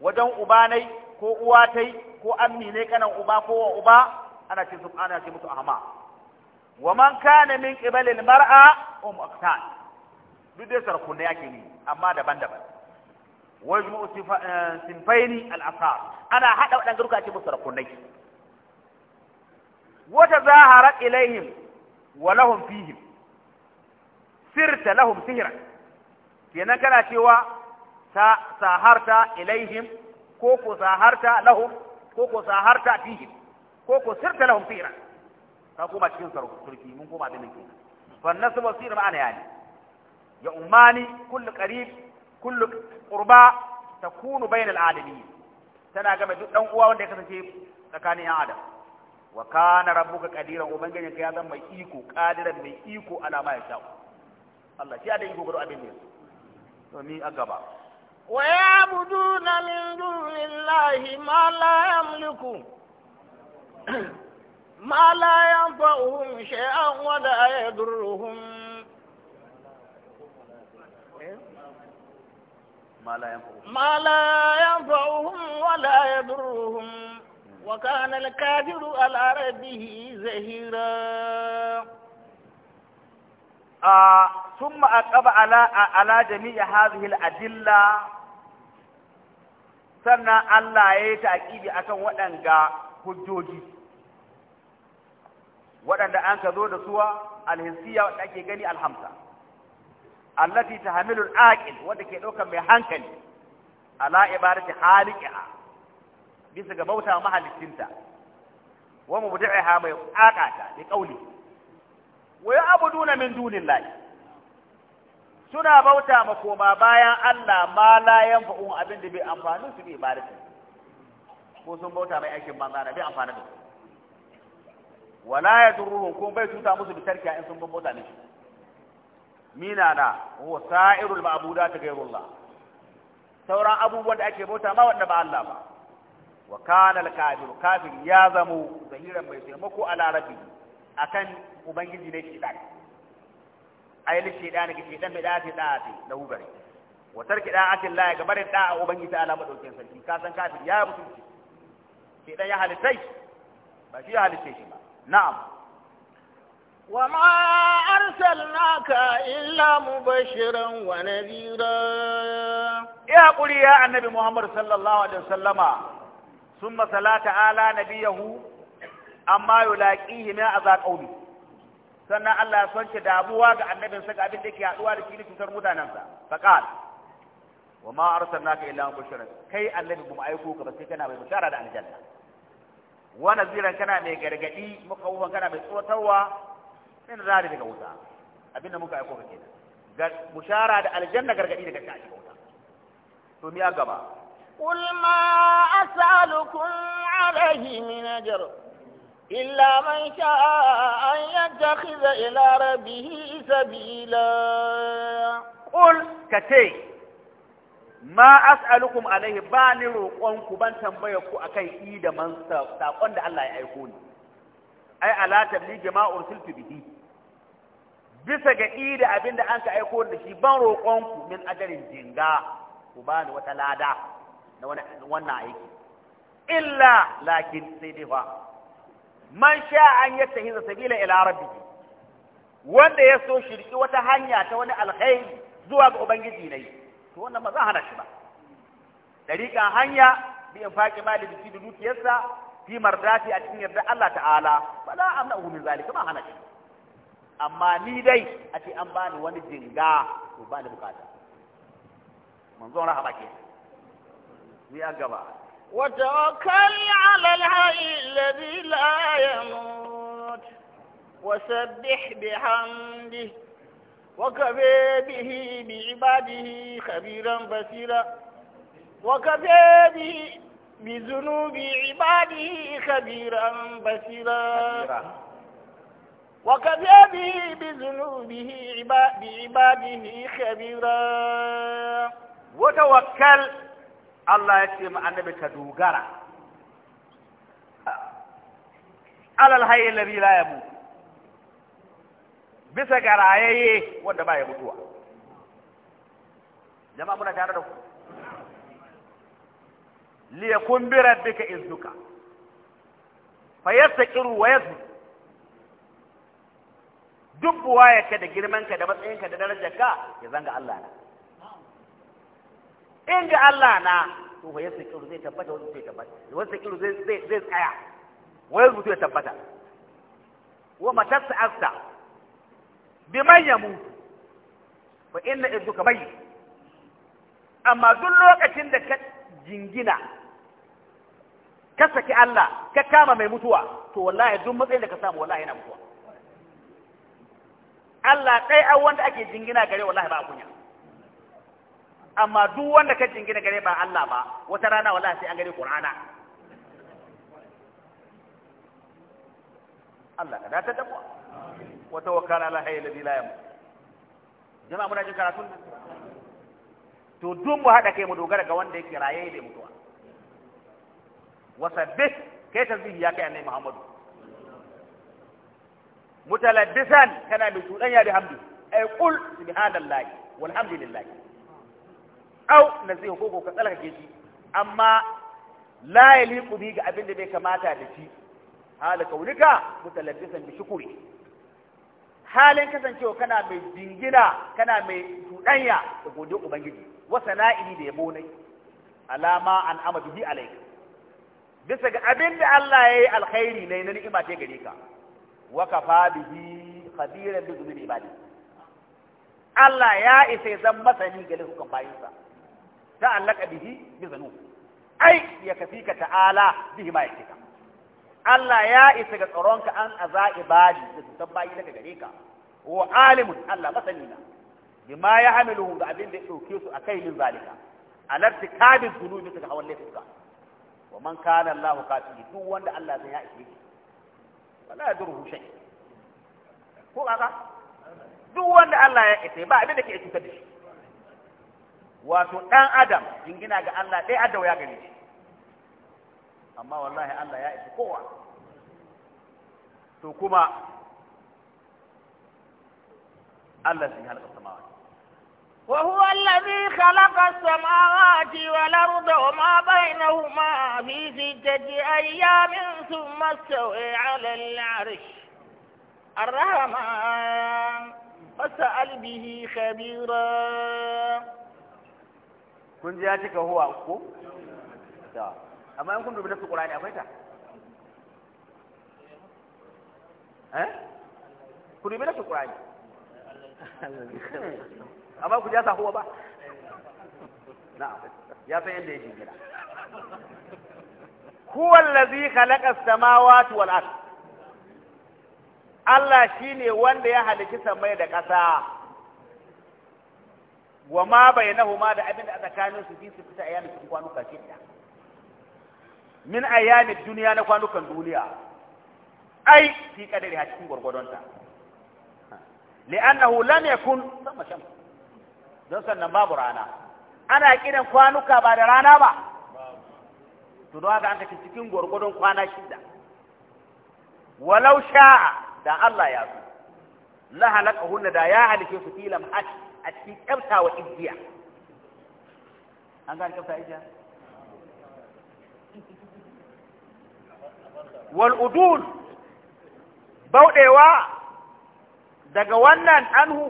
wajen ubanai ko uwatai ko ammi ne kanan uba ko wa uba ana ce su ana ce musu ahama wa man kana min qibali al mar'a um aqtan duk dai sarakun ne yake ni amma daban-daban wajmu eh, sinfaini al asar ana hada wadan garuka ce musu ne wata zahara ilaihim wa lahum fihim sirta lahum sihira kenan kana cewa ta saharta ilaihim ko ko saharta lahum ko ko saharta fihim ko ko sirta lahum sihira ka koma cikin sarki mun koma abin kenan fan nasbu sihir ma'ana yani ya ummani kullu qarib kullu qurba takunu bainal alamin tana game duk dan uwa wanda ya kasance tsakanin yan adam wa kana rabbuka qadiran ubangijinka ya zama mai iko qadiran mai iko alama ya sha'u Allah shi ya da abin ne to ni ويعبدون من دون الله ما لا يملك ما لا ينفعهم شيئا ولا يضرهم ما لا ينفعهم ما لا ينفعهم ولا يضرهم وكان الكافر على ربه زهيرا ثم أقب على على sannan Allah الأدلة سنة الله يتأكيد أكن وأنغا hujjoji waɗanda an ka zo da suwa alhinsiya wadda ake gani alhamsa allati tahamilu al-aqil wadda ke ɗaukar mai hankali ala ibadati haliqiha bisa ga bauta mahalicinta wa mubdi'iha mai aqata bi qawli wa ya'buduna min dunin lai suna bauta ma koma bayan Allah ma la fa’un abin da bai amfani su bai ibadatu ko sun bauta mai aikin banza na bai amfani da su ya yadurruhum ko bai cuta musu bi tarkiya in sun bauta mishi mina na huwa sa'irul ma'budat ghayrullah sauran abubuwan da ake bauta ma wanda ba Allah ba wa kana al-kafir kafir ya zamo zahiran mai taimako a rabbi akan ubangiji ne shaitan ai li shaitan ga shaitan bai dace dace da hubari wa tarki da'atin la ga barin da'a ubangiji ta alama sarki ka san ya mutunci shaitan ya halittai ba shi ya halitte shi ba na'am وما أرسلناك إلا مبشرا ونذيرا يا قولي يا النبي محمد صلى الله عليه وسلم ثم صلاة على نبيه أما يلاقيه ما أذى قومه sannan Allah ya sonke damuwa ga annabin sa ga abin da yake haduwa da shi ne cutar mutanensa sa faqal wa ma arsalnaka illa mubashiran kai annabi kuma aiko ka ba sai kana mai bishara da aljanna wa naziran kana mai gargadi mukawwan kana mai tsotarwa min zari daga wuta abin da muka aiko ka kenan ga bishara da aljanna gargadi daga ta shiga wuta to mi a gaba قل ما أسألكم عليه من أجر إلا من شاء أن يتخذ إلى ربه سبيلا قل كتي ما أسألكم عليه باني روقونكم بان تنبيكم أكي إيدا من ساقون دا الله يأيكوني أي على تبليغ ما أرسلت به bisa ga ida abin da an ka aiko da shi ban roƙonku min ajarin jinga ku bani wata lada na wannan aiki illa lakin sai dai fa man sha an yattahiza sabila ila rabbi wanda ya so shirki wata hanya ta wani alkhairi zuwa ga ubangiji ne to wannan ba za hana shi ba dariƙa hanya bi in faƙi mali bi da dukiyarsa fi mardati a cikin yarda Allah ta'ala ba za a hu min zalika ba hana shi amma ni dai a ce an bani wani jinga to ba ni bukata manzon rahama ke ni a gaba وتوكل على الحي الذي لا يموت وسبح بحمده وكفى به بعباده خبيرا بصيرا وكفى به بذنوب عباده خبيرا بصيرا وكفى به بذنوبه بعباده خبيرا وتوكل Allah ya ce ma annabi ka dogara alal hayy alladhi la yamut bisa ga rayaye wanda ba ya mutuwa jama'a muna tare da ku li yakun bi rabbika fa fayastaqiru wa yasbu duk waya ka da girman ka da matsayin ka da darajar ka ya zanga Allah na in ji Allah na to fa yasa kiru zai tabbata wasu zai tabbata wasu kiru zai zai tsaya wani rubutu ya tabbata wa matarsa asta bi man ya mutu fa inna ka bayyin amma duk lokacin da ka jingina ka saki Allah ka kama mai mutuwa to wallahi duk matsayin da ka samu wallahi yana mutuwa Allah ɗaya an wanda ake jingina gare wallahi ba a kunya amma duk wanda ka jingina gare ba Allah ba wata rana wala sai an gare Qur'ana Allah ka ta da wa tawakkal ala hayy alladhi la yamut jama'a muna jin karatu to duk mu hada kai mu dogara ga wanda yake raye da mutuwa wa sabbih kai tasbihi ya kai annabi Muhammadu mutalabbisan kana ya da hamdu ay qul subhanallahi walhamdulillahi au zai hukuku ka ke shi amma la yaliqu bi ga abin da bai kamata da shi hala kaulika mutalabbisan bi shukuri halin kasancewa kana mai dingina kana mai tudanya da godin ubangiji wa sana'ili da yabo nai alama an amadu bi alaika bisa ga abin da Allah ya yi alkhairi ne na ni'ima ta gare ka wa kafa bihi khabiran bi zubi ibadi Allah ya isa zan masani ga laifukan bayinsa ta'allaka bihi bi zunub ai ya ka ta'ala bihi ma yakika Allah ya isa ga tsaronka an a za ibadi da su tabbayi daga gare ka wa alimun Allah masani na bima ya hamiluhu da abin da ya ɗauke su a kai min zalika alarti kabin zunubi suka hawan laifuka wa man kana Allahu kafi duk wanda Allah zai ya ishe shi wala yadurhu shai. ko kaka, duk wanda Allah ya isa ba abin da ke cutar da shi wato dan adam jingina ga Allah dai adawa ya gare shi amma wallahi Allah ya isa kowa to kuma Allah sun halaka samawa وهو الذي خلق السماوات والأرض وما بينهما في ستة أيام ثم استوى على العرش الرحمن فاسأل به خبيرا kun ji ya cika huwa ko da amma in kun dubi nasu qur'ani akwai ta eh ku dubi nasu qur'ani amma ku ja sa huwa ba na ya san yadda yake gida huwa allazi khalaqa as-samawati wal ard Allah shine wanda ya halici samai da ƙasa wa ma bainahuma da abin da a tsakanin su bi su fita yanin cikin kwanuka da min ayyami duniya na kwanukan duniya ai fi kadari a cikin gurgurdonta li'annahu lam yakun sama sham don sannan babu rana ana kiran kwanuka ba da rana ba to don haka an kace cikin gurgurdon kwana shida walau sha da Allah ya so la halakahunna da ya halike su filam hashi a cikin kyaftawa igiya an gane kyafta igiya wal udul bauɗewa daga wannan anhu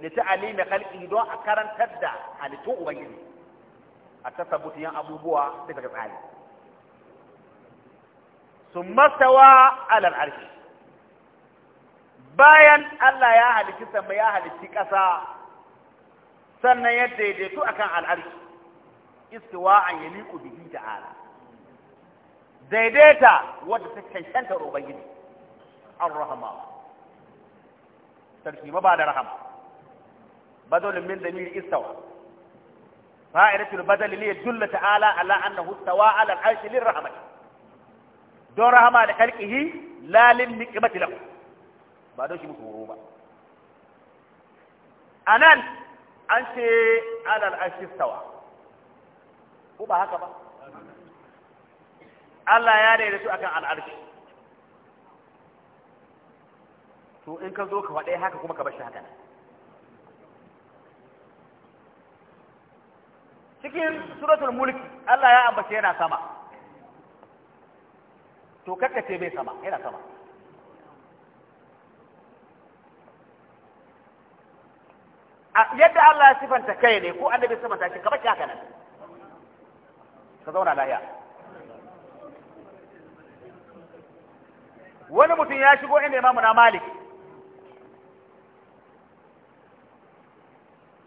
li ta'alimi khalqi don a karantar da halittun ubangiji a tasabbuti yan abubuwa daga tsari summa stawa ala al-arshi bayan Allah ya halicci sama ya halicci ƙasa sannan ya daidaitu akan al'arshi istiwa'an yaliqu bihi ta'ala daidaita wadda ta cancanta ubangiji An rahama. sarki mabada rahama badalun min damir istawa فائدة البدل ليدل تعالى على أنه استوى على العرش للرحمة دون رحمة لخلقه لا للنقمة له بعد شيء متوروبا أنا an ce alal ashistawa ko ba haka ba Allah ya su akan al'arshi to in ka zo ka faɗe haka kuma ka bar shi haka cikin suratul mulk Allah ya ambace yana sama to kakkace bai sama yana sama yadda Allah ya sifanta kai ne ko annabi ya sifanta shi kamar haka nan ka zauna lahiya wani mutum ya shigo inda imamu na malik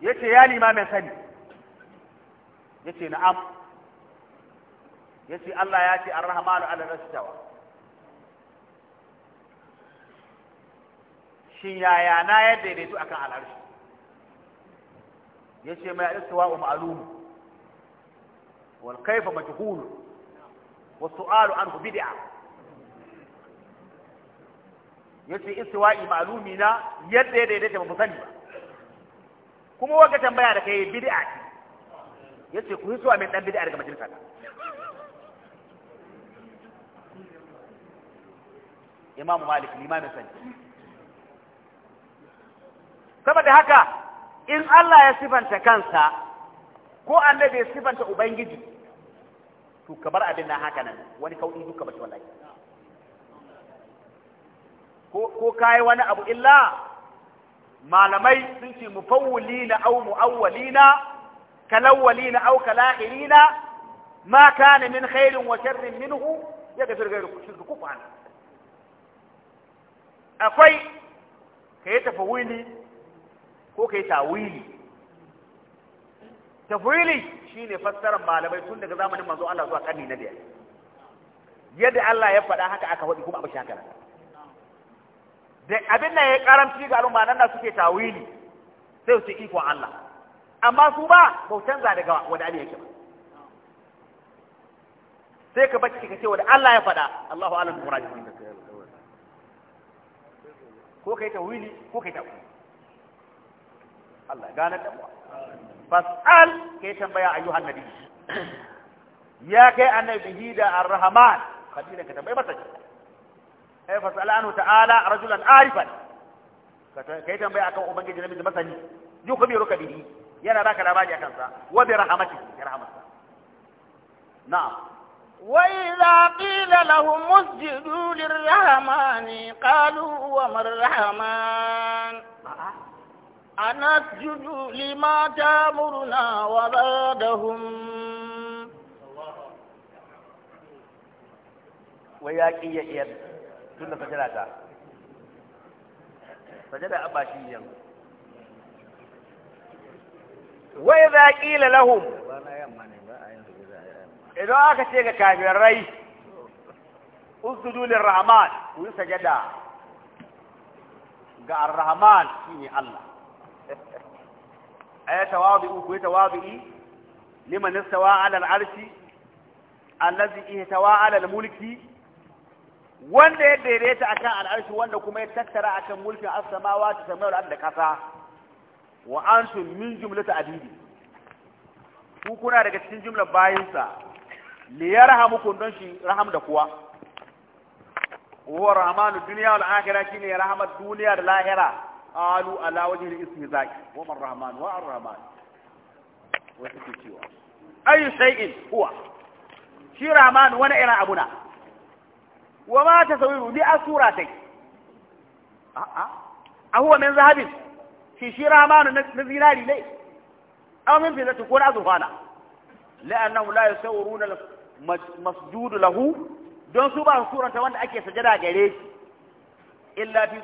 ya ce ya limamin sani ya ce na'am ya ce Allah ya ce an rahamanu ala rasitawa shin yaya na ya daidaitu akan al'arshi yace mai istiwa wa ma'lum wal kayfa majhul wa su'alu anhu bid'a yace istiwa'i ma'lumi na yadda ya daidaita ba mu sani ba kuma waka tambaya da kai bid'a ce yace ku hisuwa mai dan bid'a daga majalisa ta Imam Malik limamin sani saboda haka in Allah ya sifanta kansa ko annabi ya sifanta ubangiji to kamar abin nan haka nan wani kaudi duka bace wallahi ko ko kai wani abu illa malamai sun ce mufawwilina aw muawwalina kalawwalina aw kalahirina ma kana min khairin wa sharrin minhu ya ga firgar shirku kufan akwai kai tafawili ko kai tawili tafwili shine fassarar malamai tun daga zamanin manzo Allah zuwa karni na biyar yadda Allah ya faɗa haka aka faɗi kuma abu shi haka da abin nan ya karamci ga al'umma nan suke tawili sai su iko Allah amma su ba ba canza daga wanda Allah yake ba sai ka bacci ka ce wanda Allah ya faɗa Allahu a'lam bi muradihi ko kai tawili ko kai tawili Allah gane da mu fas'al kai tambaya ayyuhan nabi ya kai annabi da ar-rahman kadina ka tambaye mata ai fas'al anhu ta'ala rajulan arifan kai tambaya akan ubangiji nabi da masani yukhbiruka bihi yana baka labari akan sa wa bi rahmatihi ya rahmatsa na'am وإذا قيل لهم اسجدوا للرحمن قالوا وما الرحمن أنسجد لما تامرنا وبادهم وياكي يئر تون فجلاتا فجلا أباشيا وإذا قيل لهم إذا أكتك كافر رئيس اسجدوا للرحمن ويسجدا قال الرحمن فيني الله أي تواضعوا كوي تواضعي لمن استوى على العرش الذي اهتوى على mulki. wanda ya daidaita akan al'arshi wanda kuma ya tattara akan mulkin as-samawa ta samai al'ad da kasa wa antum min jumlati abidi ku kuna daga cikin jumlar bayinsa li yarhamukum don shi raham da kuwa wa rahmanu dunya wal akhirah shine rahmat duniyar da lahira qalu ala wajhi al-istihza'i wa man rahman wa ar-rahman wa wani irin abuna wa ma tasawiru bi asuratai a'a a huwa min zahabin shi shi na zinari ne aw min fidatu ko na azufana la'annahu la yasawiruna masjudu lahu don su ba suranta wanda ake sajada gare shi illa fi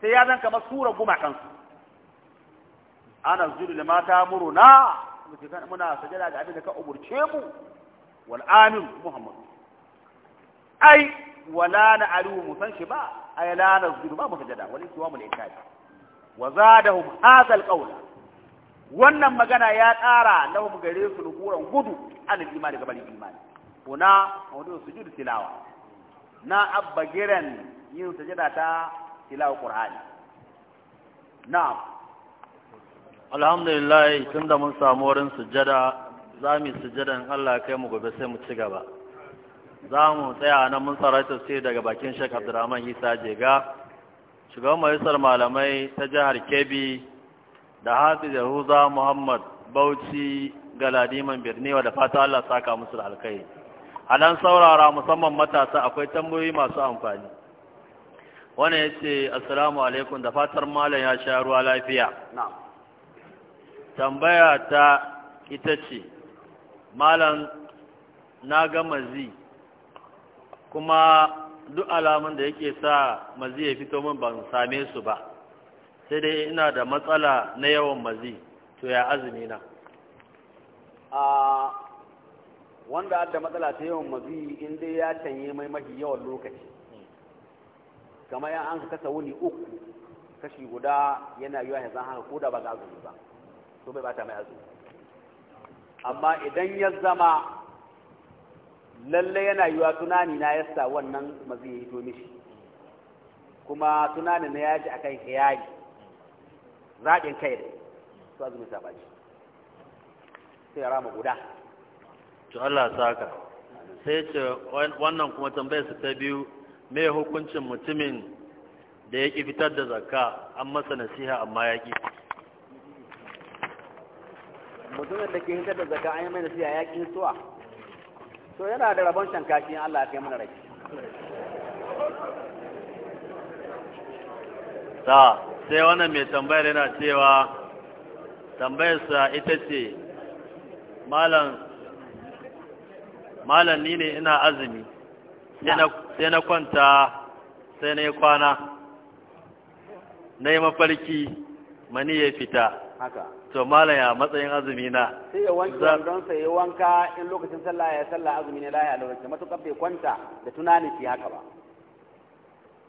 sai ya zan kamar sura gumakansu ana zuru da mata muruna muna sajada da abin da ka umurce mu wal amin muhammad ai wala na alu mu san shi ba ai la na zuru ba mu sajada wal suwa mu laikai wa zadahum hadha al qawla wannan magana ya tsara lahum gare su nukuran gudu an imani ga bari imani kuna mawdu sujud tilawa na abba giran yin sajada ta tilawar qur'ani na'am alhamdulillah tunda mun samu wurin sujjada za mu sujjada in Allah kai mu gobe sai mu ci gaba za mu tsaya nan mun tsara sai daga bakin Sheikh abdurrahman Isa Jega shugaban majalisar malamai ta jihar Kebbi da Hafiz Yahuza Muhammad Bauchi Galadiman Birniwa da fata Allah saka musu da alkai. A nan saurara musamman matasa akwai tambayoyi masu amfani. wani ya ce assalamu alaikum da fatar malam ya sha ruwa lafiya tambaya ta ita ce malam na ga mazi kuma duk alamun da yake sa mazi ya fito min ban same su ba sai dai ina da matsala na yawan mazi to ya azumi na wanda da matsala ta yawan mazi in dai ya canye mai mafi yawan lokaci kamar yan an ka kasa wuni uku kashi guda yana yiwa ya zan haka koda ba ga azumi ba to bai bata mai azumi amma idan ya zama lalle yana yiwa tunani na yasa wannan mazi ya hito mishi kuma tunani na yaji akan hiyari zaɓin kai da su azumi ta shi sai ya rama guda to Allah saka sai ce wannan kuma tambayar su ta biyu me hukuncin mutumin da ya ƙi fitar da zakka an masa nasiha amma ya ƙi mutumin da ke fitar da zakka an yi mai nasiha ya ƙi suwa So yana da rabon shankashi Allah ya kai mana rai ta sai wannan mai tambayar yana cewa tambayarsa ita ce malam ni ne ina azumi sai na kwanta sai na yi kwana na yi mafarki mani ya fita to malam ya matsayin azumi na sai ya wanke don sai ya wanka in lokacin sallah ya sallah azumi ne lahi a lokacin matuƙar bai kwanta da tunani shi haka ba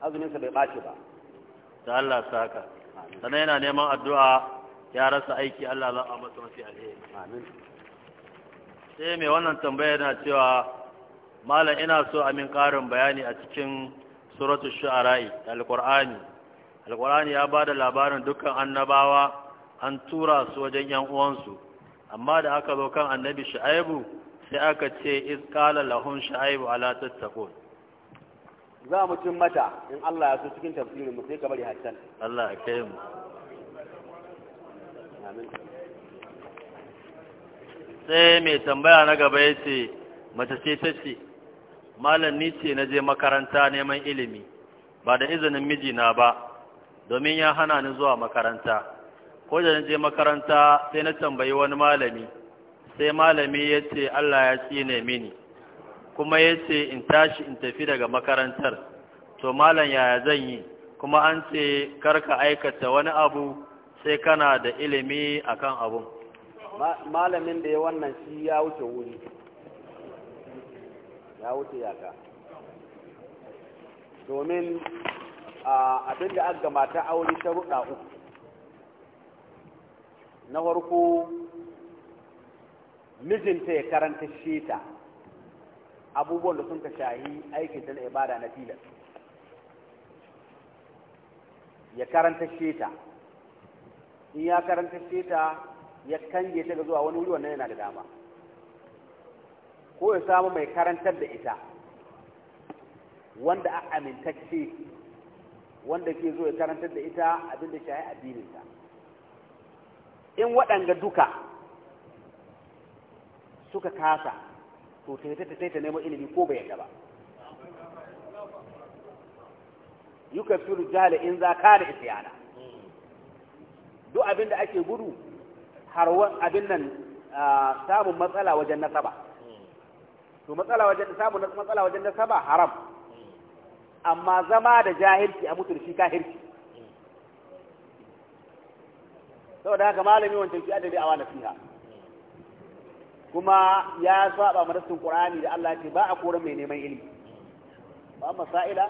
azuminsa bai ɓace ba da Allah sa haka sannan yana neman addu'a ya rasa aiki Allah za a masa mafi alheri amin sai mai wannan tambayar na cewa malam ina so a min ƙarin bayani a cikin suratu shu'ara'i alqur'ani alqur'ani ya bada labarin dukkan annabawa an tura su wajen yan uwansu amma da aka zo kan annabi shu'aibu sai aka ce iz qala lahum shu'aibu ala tattaqun za mu cin mata in Allah ya so cikin tafsirin mu sai ka bari hattan Allah ya kai mu amin sai mai tambaya na gaba yace mace ce tace malam ce na je makaranta neman ilimi ba da izinin mijina ba domin ya hana ni zuwa makaranta ko da na je makaranta sai na tambayi wani malami sai malami ya ce Allah ya tsine mini kuma ya ce in tashi in tafi daga makarantar to malam yaya zan yi kuma an ce karka aikata wani abu sai kana da ilimi akan abun malamin da ya wannan shi ya wuce wuri ya wuce ka domin abinda aka ta aure ta ruɗa uku na farko mijinta ya karanta sheta abubuwan da sun ka shahi aikin ta na ibada na filas ya karanta sheta in ya karanta sheta ya kange ta ga zuwa wani wuri wannan yana da dama ko ya samu mai karantar da ita wanda a amintacce wanda ke zo ya karantar da ita abinda shahi addininta in waɗanga duka suka kasa to ta ta ta ta nemo ilimi ko bai yadda ba yukaffiru jahil in za ka da isyana duk abinda ake gudu har abin nan ah, samun matsala wajen nasaba to matsala wajen samu matsala wajen ba haram amma zama da jahilci a mutu da shi kahirci saboda haka malami wancan shi adadi a wani fiha kuma ya saba marasin ƙur'ani da Allah ce ba a koran mai neman ilimi ba masaila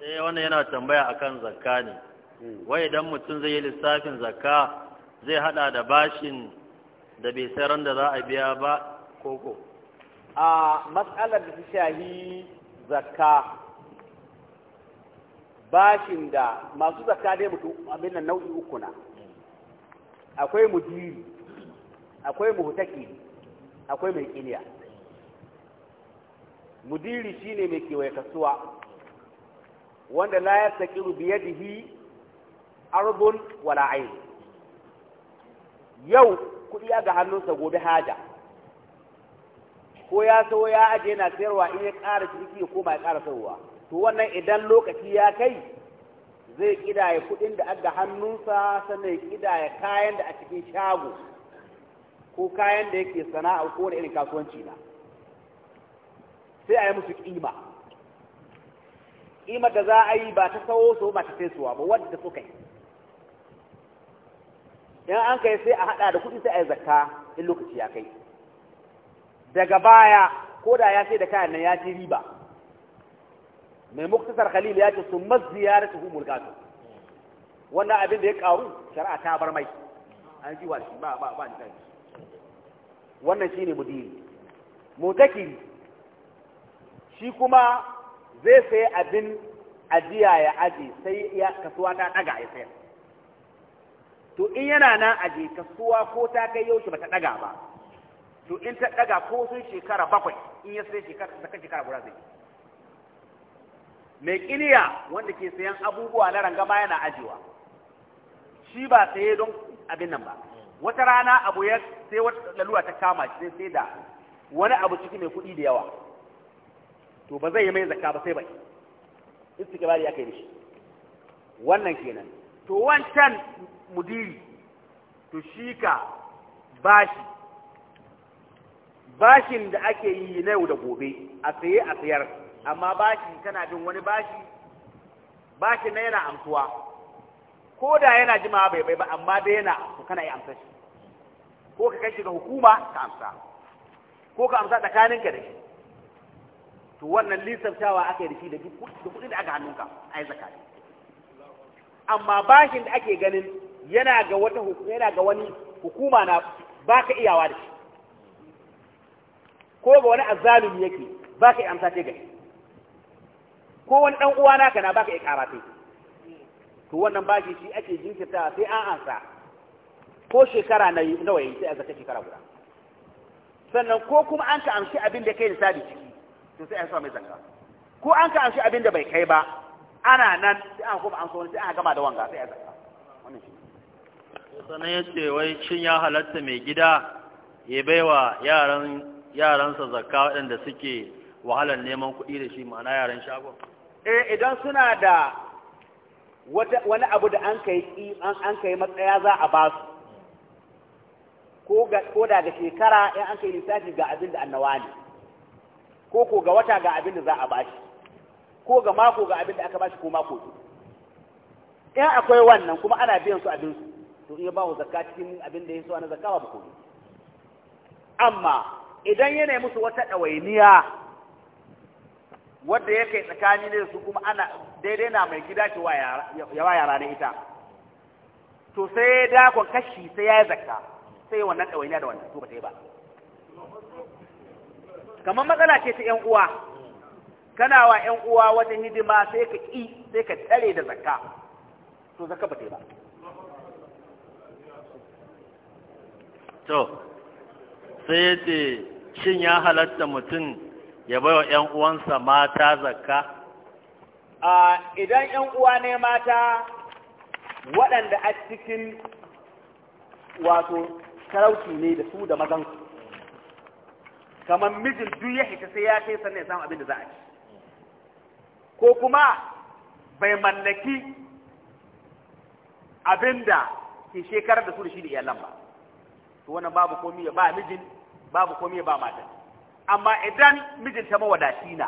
sai eh, wannan yana tambaya akan zakka ne hmm. wai idan mutum zai yi lissafin zakka zai hada da bashin da bai sai ran da za a biya ba koko a matsalar da ta shahi zakka bashin da masu zakka dai mutu abin nan nau'i uku na akwai mudiri akwai muhtaki akwai mai kiniya mudiri shine mai kewaye kasuwa wanda la yastaqiru biyadihi arbun wala ayn yau kuɗi ga hannunsa gobe haja ko ya sayo ya aje yana sayarwa in ya ƙara ciki ya koma ya ƙara sayowa to wannan idan lokaci ya kai zai kidaya kuɗin da aga hannunsa sannan ya kidaya kayan da a cikin shago ko kayan da yake sana'a ko da irin kasuwanci na sai a yi musu ƙima, kima da za a yi ba ta sawo so ba ta suwa ba wadda suka yi in an kai sai a hada da kuɗi sai a yi zakka in lokaci ya kai daga baya ko da ya sai da kayan nan ya ci riba mai muktasar khalil ya ce sun mazziyar su humul gasu wannan abin da ya karu shari'a ta bar mai an ji wasu ba ba ba ni wannan shine mudiri mutakiri shi kuma zai sai abin ajiya ya aji sai ya kasuwa ta daga ya sayar to in yana nan aje kasuwa ko ta kai yaushe bata daga ba to in ta daga ko sun shekara bakwai in ya sai shekara ta kan shekara guda zai mai ƙiniya wanda ke sayan abubuwa na rangama yana ajiyewa shi ba saye don abin nan ba wata rana abu ya sai wata lalura ta kama shi sai da wani abu ciki mai kuɗi da yawa to ba zai yi mai zakka ba sai bai istikbari ya kai da shi wannan kenan to wancan mudiri to shi ka bashi bashin da ake yi na yau da gobe a tsaye a tsayar amma bashin kana bin wani bashi bashin na yana amsuwa ko da yana jimawa bai bai ba amma dai yana to kana yi amsa shi ko ka kai shi ga hukuma ka amsa ko ka amsa tsakaninka da shi to wannan lissaftawa aka yi da shi da kuɗi da aka hannunka a yi zakari amma bashin da ake ganin yana ga wata yana ga wani hukuma na baka iyawa da shi ko ga wani azalumi yake baka iya amsa ce gari ko wani dan uwa naka na baka iya kara kai to wannan baki shi ake jinkirta sai an ansa ko shekara na nawa yayi sai a zaka shekara guda sannan ko kuma an ka amshi abin da kai da sabi ciki to sai a sa mai zakka ko an ka amshi abin da bai kai ba ana nan sai an kuma an so sai an gama da wanga sai a zaka sana ya ce wai shin ya halatta mai gida ya baiwa yaran yaransa zakka waɗanda suke wahalar neman kuɗi da shi ma'ana yaran shagon eh idan suna da wani abu da an kai an matsaya za a ba su ko ga ko da ga shekara in an kai lissafi ga abin da annawa ne ko ko ga wata ga abin da za a ba shi ko ga mako ga abin da aka ba shi ko mako in akwai wannan kuma ana biyan su abin su to iya ba mu zakka cikin abin da ya so na zakka ba ku amma idan yana musu wata dawainiya wanda yake tsakani ne su kuma ana daidai na mai gida ki wa yara ne ita to sai dakon kashi sai ya zakka sai wannan dawainiya da wannan to ba ta yi ba kamar matsala ce ta 'yan uwa kana wa 'yan uwa wata hidima sai ka ƙi sai ka tsare da zakka to zakka ba ta yi ba to sai ya ce shin ya halatta mutum ya bai wa ‘yan uwansa mata zakka? idan ‘yan uwa ne mata waɗanda a cikin wato sarauci ne da su da mazansu kamar mijin duk ya hita sai ya kai sannan ya samu abin da za a ci ko kuma bai mallaki abin da ke shekarar da su da shi da iyalan ba to wannan babu komi ba mijin babu komi ba mata amma idan mijin ta mawadaci na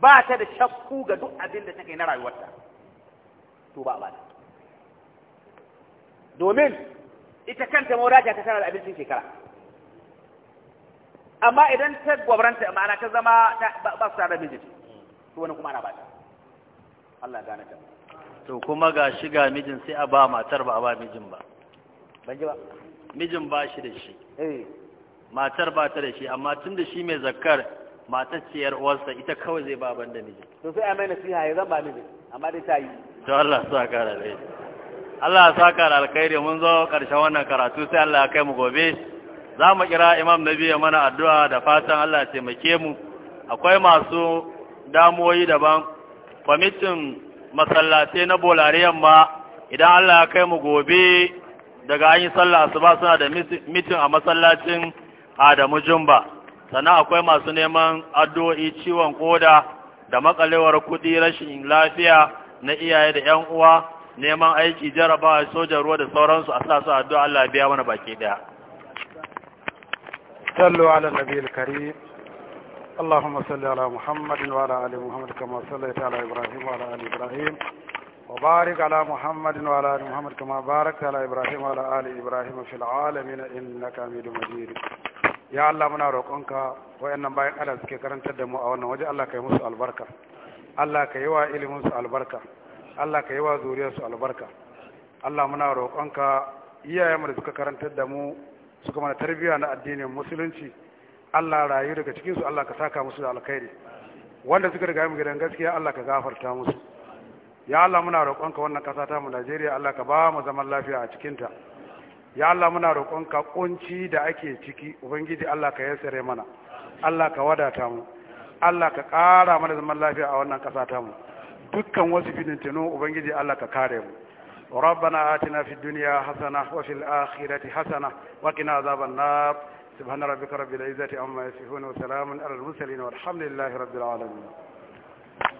ba ta da shakku ga duk abin da take na rayuwarta to ba ba domin ita kanta mawadaci ta tana da abincin shekara amma idan ta gwabranta ma'ana ta zama ba su tare mijin to wani kuma ana ba ta Allah gane ta to kuma ga shiga mijin sai a ba matar ba a ba mijin ba ban ji ba mijin ba shi da shi eh. matar ba ta da shi amma tun da shi mai zakar matar ce uwarsa ita kawai zai ba banda miji to sai a mai nasiha ya eh, zan ba miji amma dai ta yi to Allah ya saka da Allah ya saka da alkhairi mun zo karshen wannan karatu sai Allah ya kai mu gobe za mu kira imam nabi ya mana addu'a da fatan Allah ya taimake mu akwai masu damuwoyi daban kwamitin masallatai na bolare yamma idan Allah ya kai mu gobe daga an yi sallah asuba suna da mitin a masallacin Adamu Jumba sannan akwai masu neman addu'o'i ciwon koda da makalewar kuɗi rashin lafiya na iyaye da ƴan uwa neman aiki jarabawa sojan ruwa da sauransu a sa su addu'a Allah biya mana baki daya sallu ala al karim ala صل wa ala ali Muhammad kama sallaita ala Ibrahim wa ala ali ibrahim. وبارك على محمد وعلى آل محمد كما باركت على إبراهيم وعلى آل إبراهيم في العالمين إنك حميد مجيد ya Allah muna roƙonka wayannan bayan Allah suke karantar da mu a wannan waje Allah Kai musu albarka Allah Kai yi wa ilimin su albarka Allah Kai yi wa zuriyar su albarka Allah muna roƙonka iyayen mu da suka karantar da mu suka mana tarbiyya na addinin musulunci Allah rayu daga cikin su Allah ka saka musu da alkhairi wanda suka riga mu gidan gaskiya Allah ka gafarta musu ya Allah muna roƙonka wannan ƙasa ta mu Najeriya Allah ka ba mu zaman lafiya a cikinta ya Allah muna roƙonka kunci da ake ciki ubangiji Allah ka yassare mana Allah ka wadata mu Allah ka ƙara mana zaman lafiya a wannan ƙasa ta mu dukkan wasu fitintinu ubangiji Allah ka kare mu ربنا آتنا في الدنيا حسنة وفي الآخرة حسنة وقنا عذاب النار سبحان ربك رب العزة عما يصفون وسلام على المرسلين والحمد لله رب العالمين